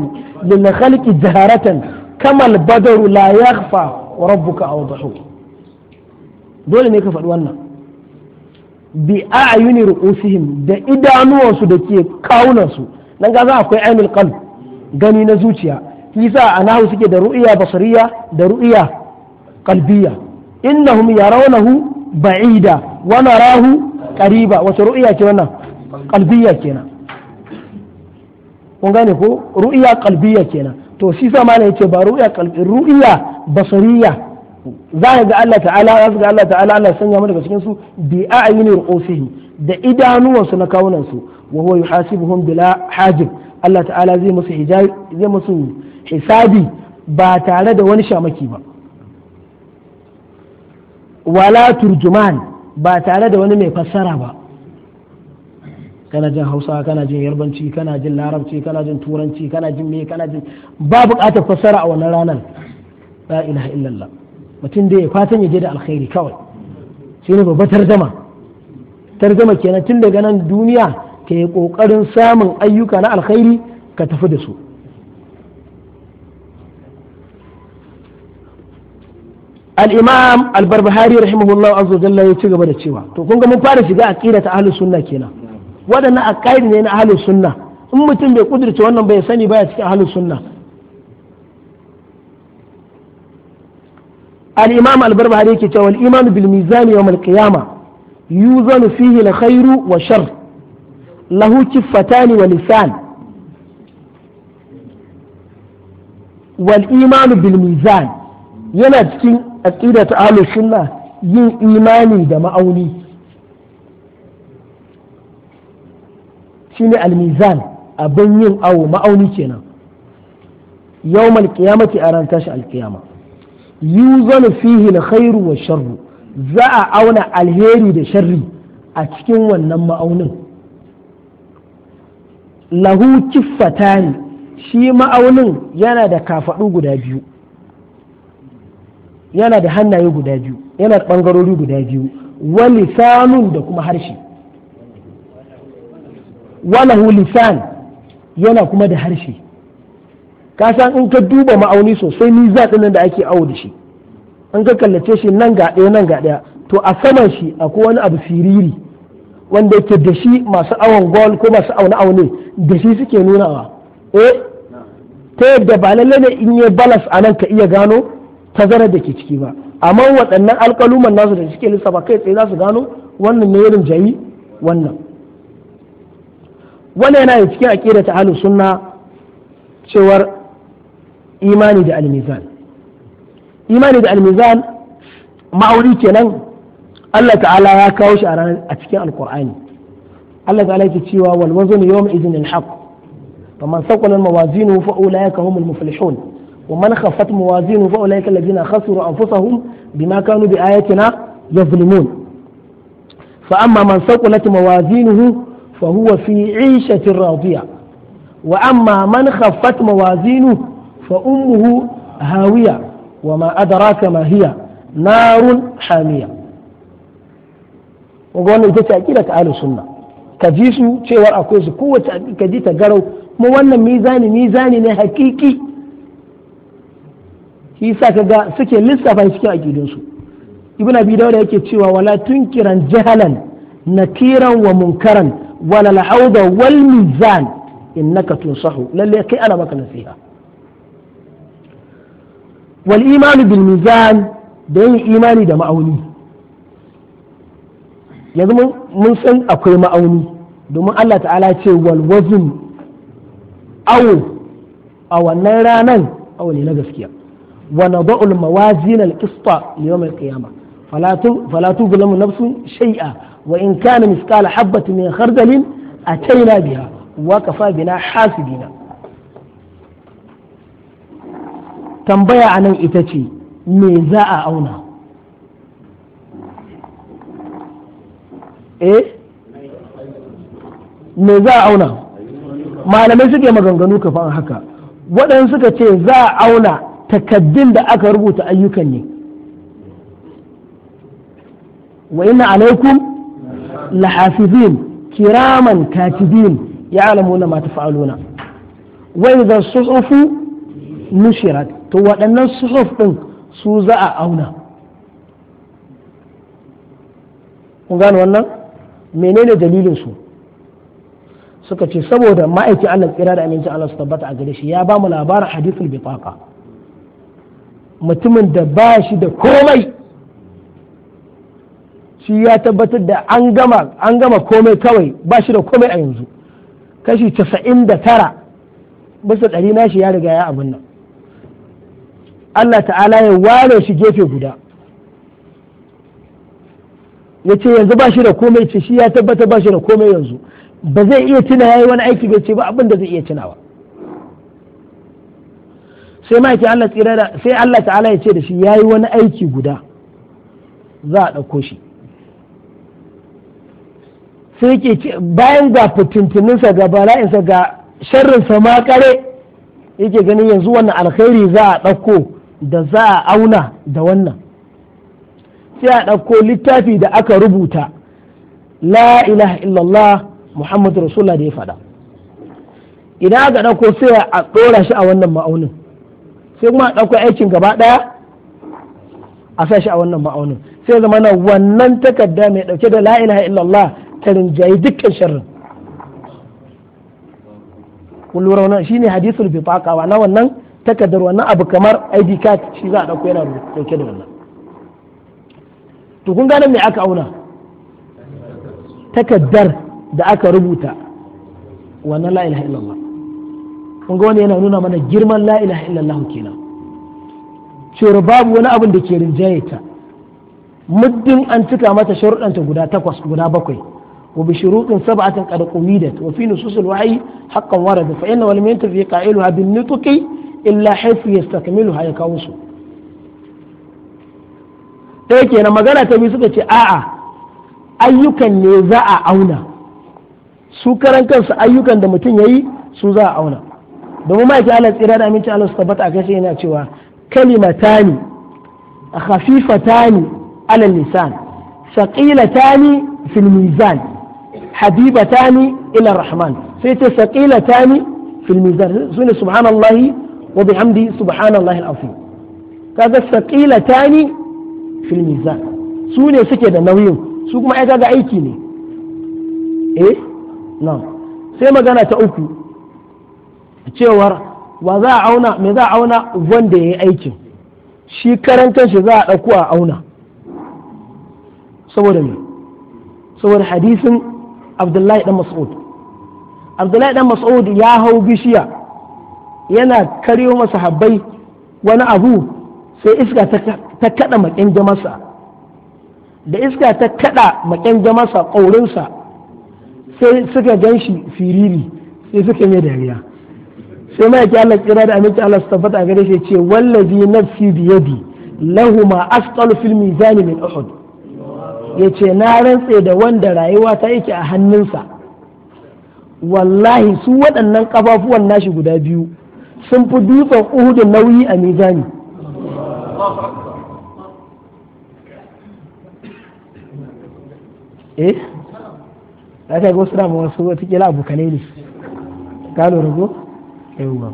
lil khalqi jaharatan kama al badaru la yakhfa wa rabbuka dole ne ka faɗi wannan bi a'yuni ru'usihim da idanuwansu da ke kawunansu nan ga za akwai ainul qalb gani na zuciya a nahu suke da ru'iya basariya da ru'iya qalbiya innahum yarawnahu ba'ida wa narahu qariba wata ru'iya ce wannan qalbiya kenan kun gane ko ru'iya qalbiya kenan to shi sa ma ne yace ba ru'iya qalbi ru'iya basariya za ga Allah ta'ala za ga Allah ta'ala Allah sanya mu daga cikin su bi a'yunir ru'usihim da idanuwansu na kawunan su wa huwa yuhasibuhum bila hajib Allah ta'ala zai musu hijabi zai musu hisabi ba tare da wani shamaki ba wala turjuman ba tare da wani mai fassara ba kana jin hausa kana jin yarbanci kana jin larabci kana jin turanci kana jin me kana jin Babu buƙatar fassara a wannan ranar la ilaha illallah mutum da ya fatan ya je da alkhairi kawai shi ne babbar tarjama tarjama kenan tun daga nan duniya ka yi kokarin samun ayyuka na alkhairi ka tafi da su al-imam al-barbahari rahimahullahu azza jalla ya ci gaba da cewa to kun ga mun fara shiga aqida ta ahlus sunna kenan waɗannan aqaid ne na ahlus sunna in mutum bai kudurce wannan bai sani baya cikin ahlus sunna الإمام البربهاري يكتب والإمام بالميزان يوم القيامة يوزن فيه الخير والشر له كفتان ولسان والإيمان بالميزان ينجسين أكيدة أهل السنة يو إيماني دم أولي شنو الميزان أبنين أو ما أولي كنا يوم القيامة أرانتاش القيامة yuzanu fihi khairu wa sharru za a auna alheri da sharri a cikin wannan ma'aunin lahu kiffatani shi ma'aunin yana da kafaɗu guda biyu yana da hannaye guda biyu yana da ɓangarori guda biyu wani da kuma harshe walahu lisan yana kuma da harshe ka san in ka duba ma'auni sosai miza nan da ake awo da shi an ka kallace shi nan ga ɗaya nan ga ɗaya to a saman shi akwai wani abu siriri wanda yake da shi masu awon gol ko masu aune aune da shi suke nunawa eh ta yadda ba lalle ne in yi balas a nan ka iya gano tazarar da ke ciki ba amma waɗannan alƙaluman nasu da suke lissafa kai tsaye za su gano wannan ne irin jayi wannan wannan yana da cikin aƙida ta halu sunna cewar imani da almizan imani da almizan ma'auri kenan Allah ta'ala ya kawo shi a cikin alkur'ani Allah ta'ala yake cewa wal wazn yawma idhin al-haq faman saqala mawazinuhu fa ulaika humul muflihun wa man khaffat mawazinuhu fa ulaika alladhina khasiru anfusahum bima kanu bi ayatina yazlimun fa amma man saqulat mawazinuhu fa huwa fi 'ishatin radiya wa amma man khaffat mawazinuhu Wa umuhu hawiya wa ma adraka narun hamiya ga ita ce a ta ahlus sunna ka ji su cewa akwai su kowace kaji ta garau mu wannan mizani mizani ne hakiki shi sa kaga suke lissafa cikin aqidun su ibn abi dawud yake cewa wala tun kiran jahalan nakiran wa munkaran wala al-hawda wal mizan innaka tunsahu lallai kai ana maka nasiha wal imanu bil mizan da yin imani da ma'auni yanzu mun san akwai ma'auni domin Allah ta'ala ce wal wazn awo a wannan ranan awo ne na gaskiya wa nada'ul mawazin al qista yawm al qiyamah fala tuzlamu nafsun shay'a wa in kana misqala habatin min khardalin atayna biha wa kafa bina hasibina tambaya a nan ita ce me za a auna eh me za a auna malamai suke maganganu kafin haka waɗansu suka ce za a auna takaddun da aka rubuta ayyukan ne wa inna alaikum lahafizin kiraman katibin ya'lamuna ma tafa'aluna wa idza suhufu nushirat to waɗannan suhuf ɗin su za a auna kun gane wannan menene dalilin su suka ce saboda ma'aikin Allah tsira da aminci Allah su tabbata a gare shi ya ba mu labarin hadithul bitaqa mutumin da ba shi da komai shi ya tabbatar da an gama an gama komai kawai ba shi da komai a yanzu kashi casa'in da tara bisa ɗari na shi ya riga ya abin nan Allah ta'ala ya ware shi gefe guda ya ce yanzu ba shi da komai ce shi ya tabbata ba shi da komai yanzu ba zai iya tuna ya yi wani aiki bai ce ba abin da zai iya tunawa sai ma Allah tsira da sai Allah ta'ala ya ce da shi ya yi wani aiki guda za a ɗauko shi sai yake bayan ga fitintuninsa ga bala'insa ga sharrinsa ma kare yake ganin yanzu wannan alkhairi za a ɗauko da za a auna da wannan sai a ɗauko littafi da aka rubuta la ilaha illallah muhammadu rasulullah da ya faɗa idan aka ɗauko sai a ɗora shi a wannan ma'aunin sai kuma a ɗauko aikin gaba ɗaya a sa shi a wannan ma'aunin sai zama na wannan takarda mai ɗauke da la ilaha illallah ta rinjayi dukkan sharrin kun lura wannan shine hadisul bifaka wa na wannan takardar wannan abu kamar ID card shi za a dauko yana dauke da wannan to kun gane me aka auna takardar da aka rubuta wannan la ilaha illallah kun ga wani yana nuna mana girman la ilaha illallah kenan cewar babu wani abin da ke rinjaye ta muddin an cika mata sharuɗanta guda takwas guda bakwai wa bi shuruɗin sab'atin qad qumidat wa fi nususil wahyi haqqan warada fa inna wal mintu fi qa'iluha bin nutqi illa haifu yastakmiluha ya kawo su ta yake na magana ta biyu suka ce a'a ayyukan ne za a auna su karan kansu ayyukan da mutum ya yi su za a auna domin ma yake Allah tsira da aminci Allah su tabbata a kashe yana cewa kalimatani khafifatani ala lisan saqilatani fil mizan habibatani ila rahman sai ta saqilatani fil mizan sune subhanallahi wa bihamdi subhanallahi alazim kaga saqilatani fil mizan su ne suke da nauyin su kuma ai kaga aiki ne eh na sai magana ta uku cewa wa za a auna me za a auna wanda ya yi aikin shi karan kanshi za a ɗauko a auna saboda me saboda hadisin abdullahi dan mas'ud abdullahi dan mas'ud ya hau bishiya yana karyo masa habbai wani abu sai iska ta kada makin jamasa da iska ta kada makin jamasa ƙaurinsa sai suka gan shi firiri sai suka yi dariya sai mai yake Allah kira da aminci Allah su tabbata a gare shi ce wallazi nafsi bi yadi lahu ma filmi fil mizan min uhud yace na rantse da wanda rayuwa ta yake a hannunsa wallahi su waɗannan kafafuwan nashi guda biyu sun fi dutsen uhudun nauyi a mizani eh za ka ga wasu na wasu watakila abokanai ne ka lura ko yawwa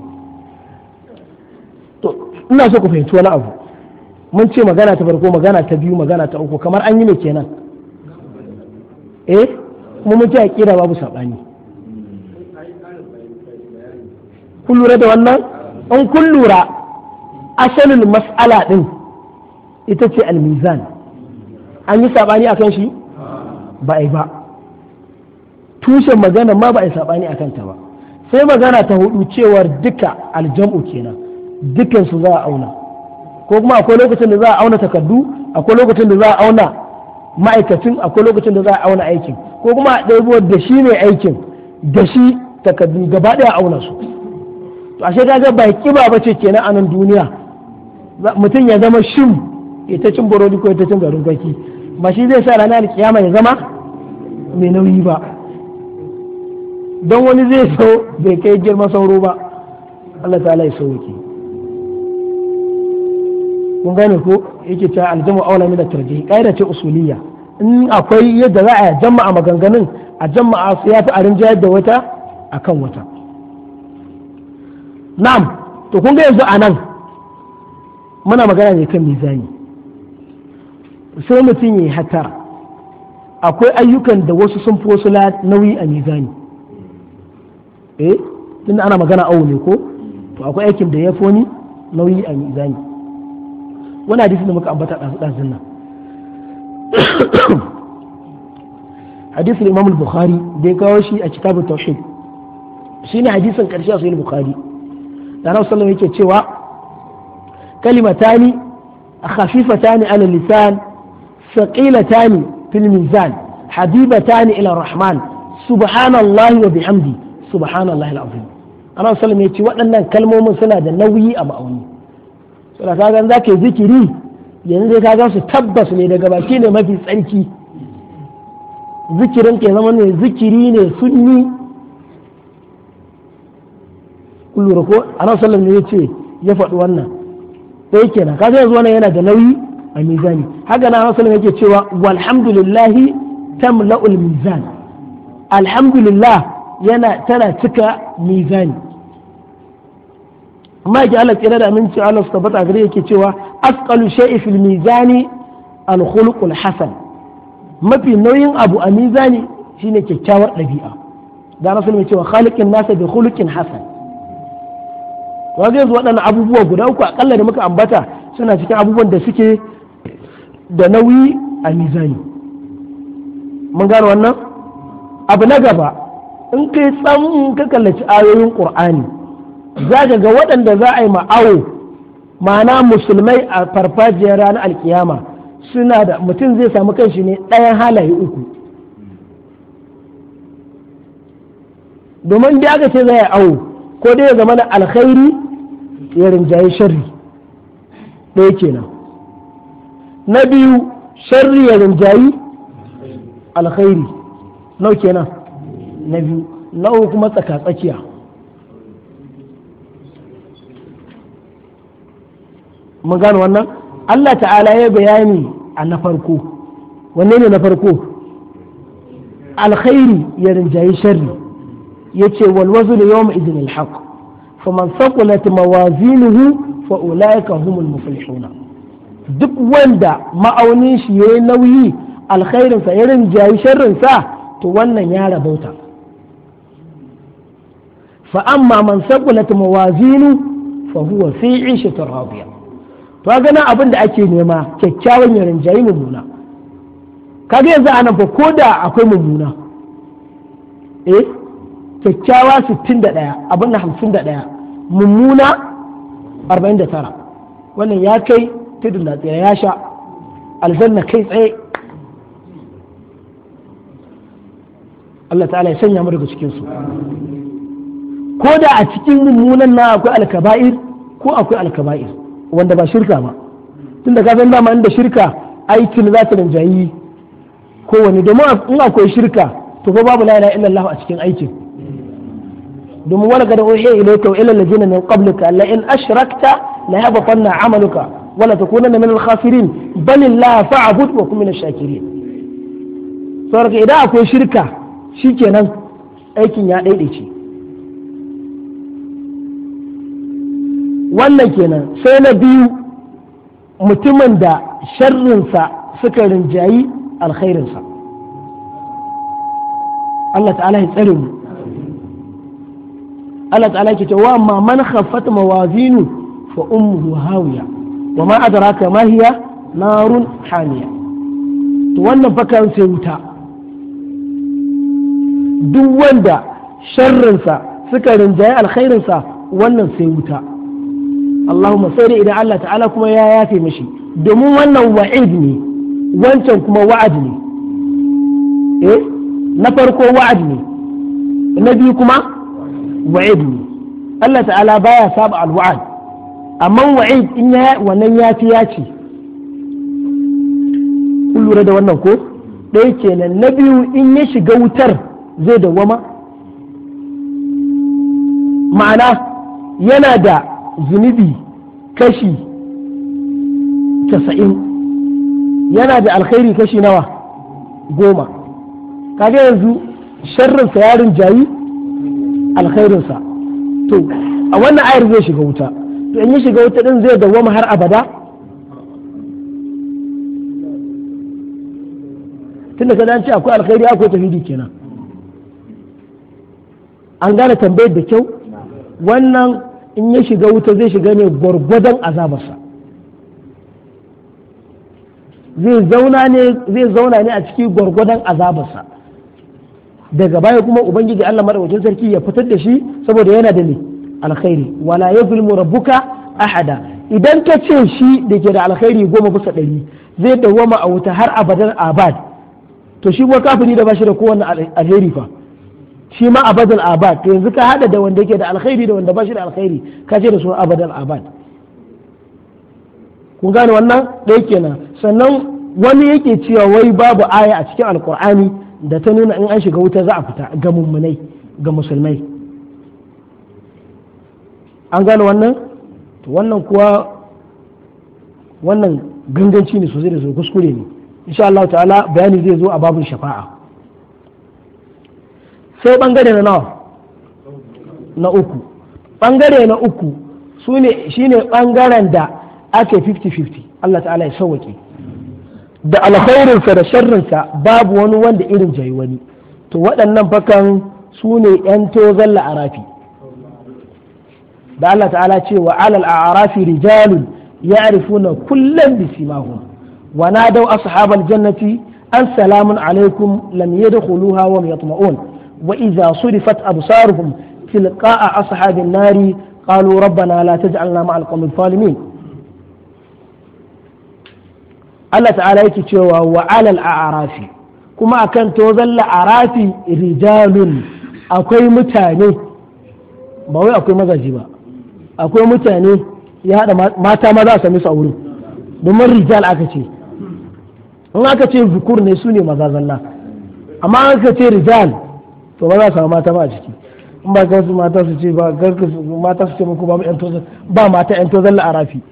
to ina so ku fahimci wani abu mun ce magana ta farko magana ta biyu magana ta uku kamar an yi ne kenan eh kuma mun ce a kira babu saɓani kun lura da wannan in kun lura asalin mas'ala din ita ce almizan an yi sabani kan shi ba a yi ba tushen magana ma ba a yi sabani a kanta ba sai magana ta hudu cewar duka aljam'u kenan dukansu za a auna ko kuma akwai lokacin da za a auna takardu akwai lokacin da za a auna ma'aikacin akwai lokacin da za a auna aikin ko kuma a da shi mai aikin da shi takardu gaba ɗaya a auna su to ashe ga baki ba kiba bace kenan a nan duniya mutum ya zama shim ita cin burodi ko ita cin garin kwaki ba shi zai sa rana kiyama ya zama mai nauyi ba don wani zai so bai kai girma sauro ba Allah ta'ala ya sauke kun gane ko yake ta aljamu aula min tarji kaida ce usuliyya in akwai yadda za a jama'a maganganun a jama'a su yafi a rinjayar da wata akan wata na'am to kun ga yanzu a nan muna magana ne kan mizani sai mutum ya hatar akwai ayyukan da wasu sun fi wasu nauyi a mizani eh tunda ana magana awo ne ko to akwai aikin da ya fi wani nauyi a mizani wani hadisi da muka ambata ɗazun nan hadisin imam al-bukhari da ya kawo shi a kitabun shi shine hadisin karshe a sahih bukhari da na sallam yake cewa kalimatani khafifatani ala lisan thaqilatani fil mizan habibatani ila rahman subhanallahi wa bihamdi subhanallahi alazim ana sallam yace waɗannan kalmomin suna da nauyi a ma'auni sura ka ga zaka zikiri yanzu ka ga su tabbas ne daga baki ne mafi tsarki zikirin ke zama ne zikiri ne sunni kun lura ko ana sallam ne ya ce ya faɗi wannan ɗaya kenan kaga yanzu wannan yana da nauyi a mizani haka na ana sallam yake cewa walhamdulillahi tamla'ul mizan alhamdulillah yana tana cika mizani amma yake Allah tsira da aminci Allah su tabbata gare yake cewa asqalu shay'i fil mizani al khuluqul hasan mafi nauyin abu a mizani shine kyakkyawar ɗabi'a da rasul mai cewa khaliqin nasa bi khuluqin hasan wa ga yanzu waɗannan abubuwa guda uku akalla da muka ambata suna cikin abubuwan da suke da nauyi a mizani mun gano wannan abu na gaba in kai tsam ka kallaci ayoyin ƙur'ani za ka ga waɗanda za a yi ma'awo ma'ana musulmai a farfajiyar ranar alkiyama suna da mutum zai samu shi ne ɗayan halaye uku domin da aka ce za a yi awo ko dai ya zama da alkhairi ya rinjaye sharri ɗaya kenan na biyu sharri ya jayi alkhairi nau kenan na biyu na uku kuma tsakatsakiya mun gano wannan Allah ta'ala ya bayani a na farko wanne ne na farko alkhairi ya jayi sharri ya ce walwazu da yawon izinin haku. faman saqulat mawazinuhu fa ulaika humul duk wanda ma'aunin shi yi nauyi alkhairinsa ya rinjaye sharrinsa sharrin sa to wannan ya rabauta fa amma man saqulat mawazinu fa huwa fi 'ishati radiya to ga nan abin da ake nema kyakkyawan ya rinjayi mummuna kaga yanzu anan fa koda akwai mummuna eh kyakkyawa 61 abin da 51 mummuna 49 wannan ya kai tudun da tsira ya sha na kai tsaye Allah ta'ala ya sanya mu daga cikin su ko da a cikin mummunan na akwai alkaba'ir ko akwai alkaba'ir wanda ba shirka ba tunda ka san dama inda shirka aikin za ta rinjayi kowane domin in akwai shirka to ko babu la'ila illallah a cikin aikin domin wani gada ohe ilaika wa ila lajina min qablika la in ashrakta la yabqanna amaluka wala takunanna min al-khasirin bal la fa'bud wa kun min ash-shakirin saboda idan akwai shirka shikenan aikin ya daidaice wannan kenan sai na biyu mutumin da sharrinsa suka rinjayi alkhairinsa Allah ta'ala ya tsare mu Allah ta'ala ke cewa amma man khaffat mawazinu fa ummuhu hawiya wa ma adraka ma hiya narun hamiya to wannan fakan sai wuta duk wanda sharrinsa suka rinjaye alkhairinsa wannan sai wuta Allahumma sai idan Allah ta'ala kuma ya yafe mishi domin wannan wa'id ne wancan kuma wa'ad ne eh na farko wa'ad ne na biyu kuma wa'id Allah ta'ala baya saba alwa'ad amma wa'id in ya wannan ya fi ya ce kun lura da wannan ko ɗaya kenan na biyu in ya shiga wutar zai wama? ma'ana yana da zunubi kashi casa'in yana da alkhairi kashi nawa goma kaga yanzu sharrin sayarin jayi alkhairinsa to a wannan ayar zai shiga wuta to in ya shiga wuta din zai dawwama har abada tunda kada an ce akwai alkhairi akwai tafidi kenan an gane tambayar da kyau wannan in ya shiga wuta zai shiga ne gwargwadon azabarsa zai zauna ne a ciki gwargwadon azabarsa daga baya kuma ubangiji Allah madaukakin sarki ya fitar da shi saboda yana da ne alkhairi wala yazlimu rabbuka ahada idan ka ce shi da ke da alkhairi goma bisa ɗari zai dawwama a wuta har abadan abad to shi kuma kafiri da bashi da kowanne alheri fa shi ma abadan abad to yanzu ka hada da wanda yake da alkhairi da wanda bashi da alkhairi ka ce da su abadan abad kun gane wannan ɗaya kenan sannan wani yake cewa wai babu aya a cikin alkur'ani da ta nuna in an shiga wuta za a fita ga mummunai ga musulmai an gane wannan wannan kuwa wannan ganganci ne sosai da kuskure ne insha Allah ta'ala bayani zai zo a babin shafa'a sai bangare na nawa na uku bangare na uku shine bangaren da ake 50-50 Allah ta'ala ya sauwake da alkhairinsa da sharrinsa babu wani wanda irin jayi wani to waɗannan fakan su ne ‘yan tozon la'arafi da Allah ta'ala ce wa alal a'arafi rijalun ya na kullum bi simahum wa nadaw ashabal jannati an salamun alaikum lam yadkhuluha wa yatma'un wa idza surifat absaruhum tilqa'a ashabin nari qalu rabbana la taj'alna ma'al qawmi zalimin Allah ta'ala yake cewa wa alal a'rafi kuma akan zalla la'arafi rijalun akwai mutane ba wai akwai mazaji ba akwai mutane ya hada mata maza a sami su a wurin domin rijal aka ce in aka ce zukur ne su ne maza zalla amma aka ce rijal to ba za su samu mata ba a ciki in ba ga mata su ce ba mata su ce muku ba yan ba mata yan zalla la'arafi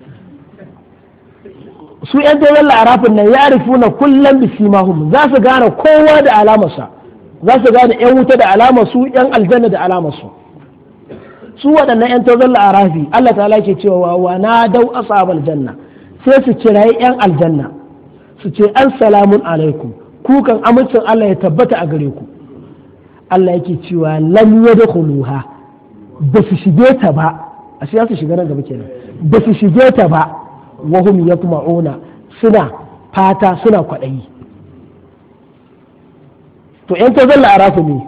su yan daren la'arafin nan ya rufu na kullum bisimahum za su gane kowa da alamarsa za su gane yan wuta da su yan aljanna da alamarsu su waɗannan yan tozon la'arafi Allah ta'ala ke cewa wa na dau asabal janna sai su kirayi yan aljanna su ce an salamun alaikum kukan amincin Allah ya tabbata a gare ku Allah yake cewa lam yadkhuluha ba su shige ta ba a shiga nan gaba kenan ba su shige ta ba ya kuma Ona suna fata suna kwaɗayi to yan ta zalla arafu ne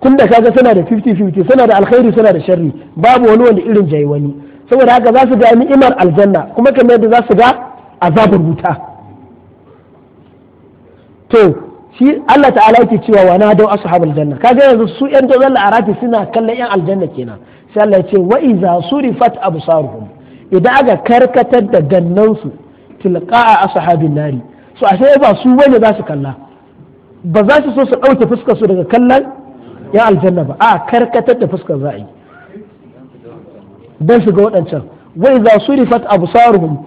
kun da kaga suna da 50-50 suna da alkhairi suna da sharri babu wani wanda irin jayi wani saboda haka za su ga ni'imar aljanna kuma kamar yadda za su ga azabar wuta to shi Allah ta'ala yake cewa wa nadau ashabul janna kaga yanzu su yan dozalla arafi suna kallon yan aljanna kenan sai Allah ya ce wa iza surifat absaruhum idan aka karkatar da gannansu a ashabin nari so ashe ba su bane za su kalla ba za su so su ɗauke fuskar su daga kallon ya aljanna ba a karkatar da fuskar za a yi dan shiga waɗancan wai za su rifat absaruhum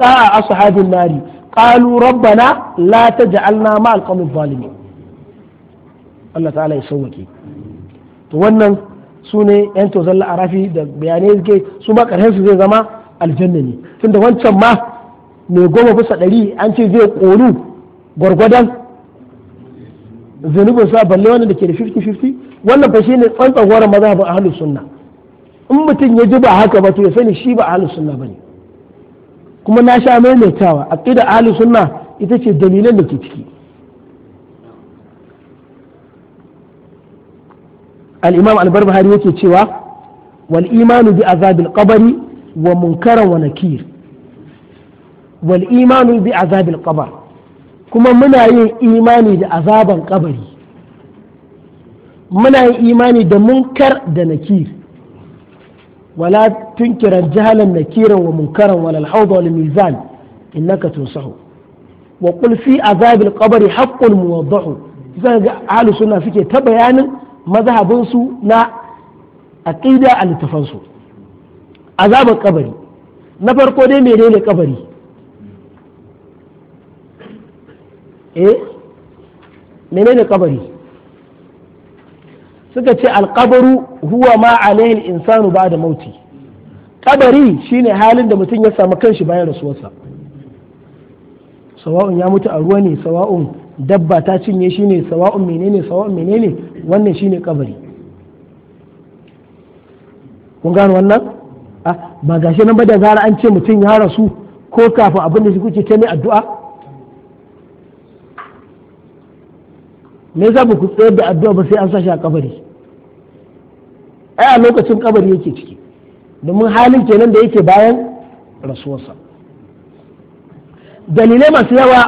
a ashabin nari qalu rabbana la taj'alna ma'al qawmi zalimin Allah ta'ala ya sauke to wannan su ne yan a rafi da bayanai suke su ma karshen su zai zama aljanna ne tunda wancan ma mai goma bisa ɗari an ce zai ƙoru gwargwadon zunubin sa balle wannan da ke da 50-50 wannan fa ne tsantsan horon a ahlus sunna in mutum ya ji ba haka ba to ya sani shi ba ahlus sunna bane kuma na sha maimaitawa aqida ahlus sunna ita ce dalilan da ke ciki al-imam al-barbahari yake cewa wal imanu bi azabil qabri wa munkaran wa nakir wal imanu bi azabil qabr kuma muna yin imani da azaban kabari muna yin imani da munkar da nakir wala tunkira jahalan nakiran wa munkaran wal hawd wal mizan innaka tunsahu wa qul fi azabil qabri haqqul muwaddah zaka ga ahlus suna suke ta bayanin mazhabinsu na aqida a tafansu azabar kabari na farko dai menene kabari eh menene kabari suka ce alkabaru huwa ma al insanu ba da mauti kabari shine halin da mutum ya samu kanshi bayan rasuwarsa sawa'un ya mutu a ruwa ne sawa'un dabba ta cinye shi ne sawa'un menene sawa'un menene wannan shi ne kabari kun gano wannan ba shi nan ba da zara an ce mutum ya rasu ko kafin abin da kuke ta mai addu'a me za ku tsayar da addu'a ba sai an sa shi a kabari ai a lokacin kabari yake ciki domin halin kenan da yake bayan rasuwarsa dalilai masu yawa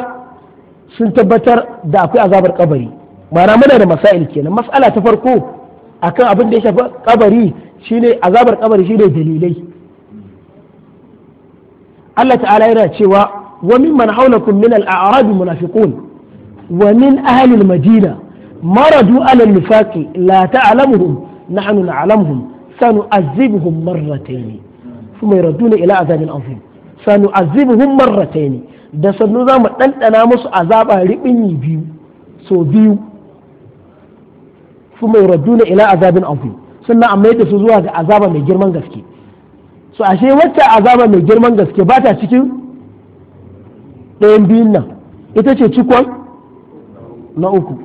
sun tabbatar da akwai azabar kabari mana muna da masail kenan mas'ala ta farko akan abin da ya shafi kabari shine azabar kabari shine dalilai Allah ta'ala yana cewa wa mimman hawlakum min al-a'rab munafiqun wa min ahli al-madina maradu ala an-nifaq la ta'lamuhum nahnu na'lamuhum sanu'azzibuhum marratayn thumma yarduna ila azabin azim sanu'azzibuhum marratayn da sannu za mu ɗanɗana musu azaba riɓinyi biyu so biyu su mai na ila azabin azim a amma da su zuwa ga azaba mai girman gaske so ashe wacce azaba mai girman gaske ba ta cikin ɗayan biyun nan ita ce cikon na uku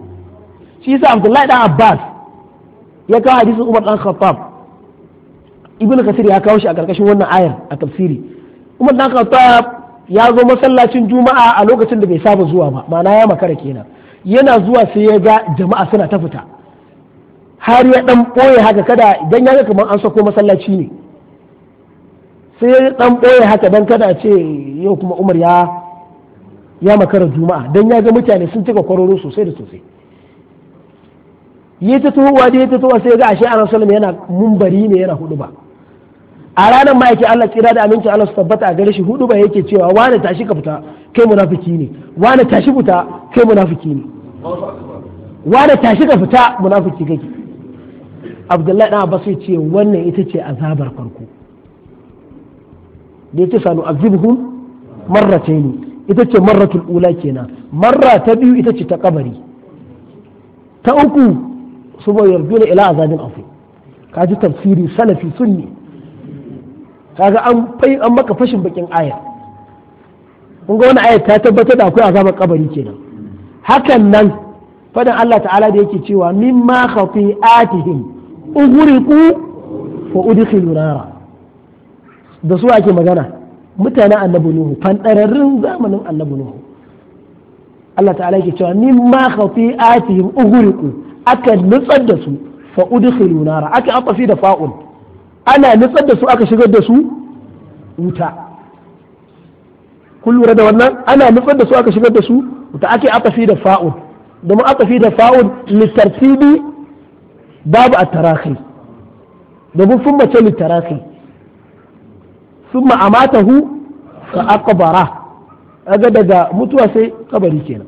shi yasa abdullahi dan abbas ya kawo hadisin umar dan khattab ibn kasir ya kawo shi a ƙarƙashin wannan ayar a tafsiri umar dan khattab ya zo masallacin juma'a a lokacin da bai saba zuwa ba ma'ana ya makara kenan yana zuwa sai ya ga jama'a suna ta fita har ya dan boye haka kada idan ya ga kamar an sako masallaci ne sai ya dan boye haka dan kada ce yau kuma Umar ya ya makara juma'a dan ya ga mutane sun cika kwaroro sosai da sosai yi ta tuhuwa da ta tuhuwa sai ya ga ashe ana sallam yana mumbari ne yana hudu ba a ranar ma yake Allah tsira da amincin Allah su tabbata a gare shi hudu ba yake cewa wani tashi ka fita kai munafiki ne wani tashi fita kai munafiki ne wani tashi ka fita munafiki kake Abdullahi dan Abbas ya ce wannan ita ce azabar farko da yace sanu azibhum marratayn ita ce marratul ula kenan marra ta biyu ita ce ta kabari ta uku subo yarduna ila azabin afi kaji tafsiri salafi sunni kaga an fai an maka fashin bakin aya kun ga wani aya ta tabbatar da akwai azabar kabari kenan hakan nan fadan Allah ta'ala da yake cewa mimma khati'atihim ughriqu fa udkhilu nara da su ake magana mutanen annabi nuhu fandararrun zamanin annabi nuhu Allah ta'ala yake cewa mimma khati'atihim ughriqu aka nutsar da su fa udkhilu nara aka afafi da fa'ul ana nutsar da su aka shigar da su wuta kun lura da wannan ana nutsar da su aka shigar da su wuta ake atafi da fa'un domin atafi da fa'un littartibi babu a tarakai domin sun mace littarakai sun ma'amatahu fa aqbara aga daga mutuwa sai kabari kenan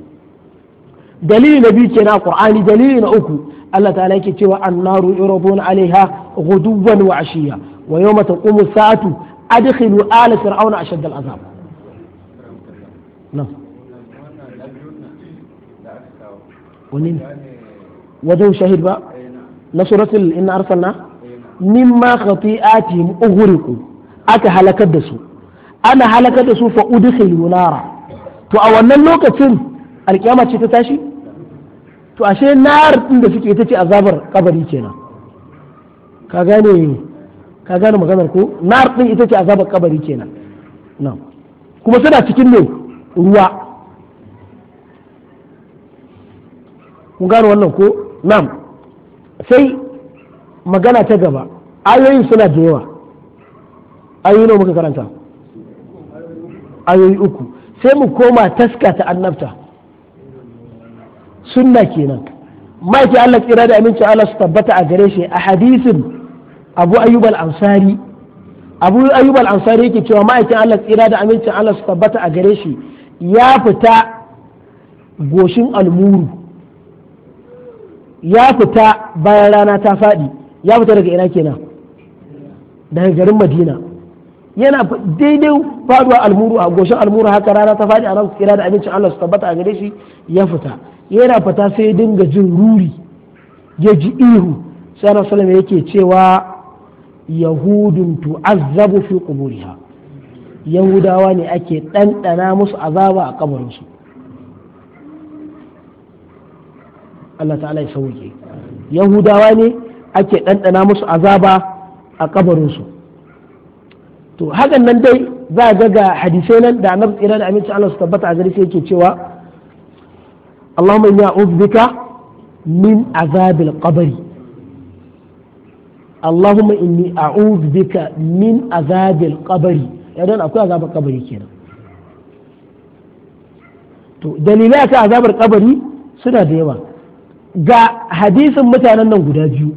dalili na biyu kenan a qur'ani dalili na uku Allah ta'ala yake cewa annaru yuraduna alaiha ghuduwan wa ashiya wa yawma taqumu sa'atu adkhilu ala fir'auna ashadda al'azab nan wani wajen shahid ba na suratul inna arsalna mimma khati'atihim ughriqu aka halakar da su ana halakar da su fa udkhilu nara to a wannan lokacin alkiyama ce ta tashi to ashe nar din da suke ita ce azabar kabari kenan ka gane ka gane maganar ko nar din ita ce azabar kabari kenan na'am kuma suna cikin ne ruwa kun gane wannan ko na'am sai magana ta gaba ayoyin suna da yawa ayoyi nawa muka karanta ayoyi uku sai mu koma taska ta annabta sunna kenan ma'aikin Allah tsira da amincin Allah su tabbata a gare shi a hadisin Abu Ayyub al-Ansari Abu Ayyub al-Ansari yake cewa ma'aikin Allah tsira da amincin Allah su tabbata a gare shi ya fita goshin almuru ya fita bayan rana ta faɗi ya fita daga ina kenan daga garin Madina yana daidai faduwa almuru a goshin almuru haka rana ta faɗi a ran tsira da amincin Allah su tabbata a gare shi ya fita yana fata sai ya dinga jin ruri ya ji ihu sai na salama yake cewa yahudun tu'azzabu fi quburiha yahudawa ne ake ɗanɗana musu azaba a kabarinsu Allah ta'ala ya sauke yahudawa ne ake ɗanɗana musu azaba a kabarinsu to hakan nan dai za ga ga hadisai nan da annabi tsira da aminci Allah su tabbata a gari sai yake cewa اللهم إني أعوذ بك من عذاب القبر اللهم إني أعوذ بك من عذاب القبر يعني أكو عذاب القبر كنا دليلك عذاب القبر سنة ديوان ga hadisin mutanen nan guda biyu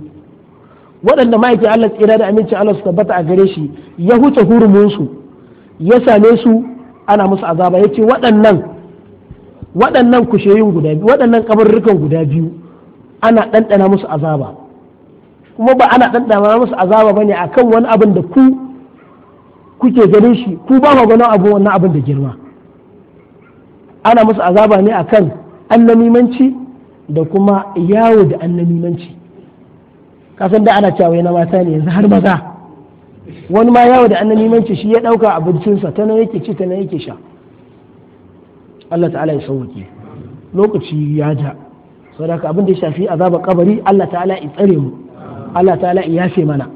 waɗanda ma'aikin Allah tsira da aminci Allah su tabbata a gare shi ya huce hurumunsu ya same su ana musu azaba ya ce waɗannan waɗannan kushayin guda biyu waɗannan kabarrukan guda biyu ana ɗanɗana musu azaba kuma ba ana ɗanɗana musu azaba bane akan wani abin da ku kuke ganin shi ku ba ma gano abu wannan abin da girma ana musu azaba ne akan annamimanci da kuma yawo da annamimanci kasan da ana cewa na mata ne yanzu har maza wani ma yawo da annamimanci shi ya ɗauka abincinsa ta nan yake ci ta nan yake sha Allah ta'ala ya sauke lokaci ya ja saboda abin da ya shafi azaba kabari Allah ta'ala ya tsare mu Allah ta'ala ya yafe mana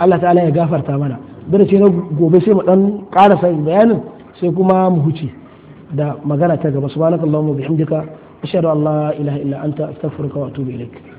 Allah ta'ala ya gafarta mana dare ce na gobe sai mu dan karasa bayanin sai kuma mu huce da magana ta gaba subhanakallahumma bihamdika ashhadu an la ilaha illa anta astaghfiruka wa atubu ilaik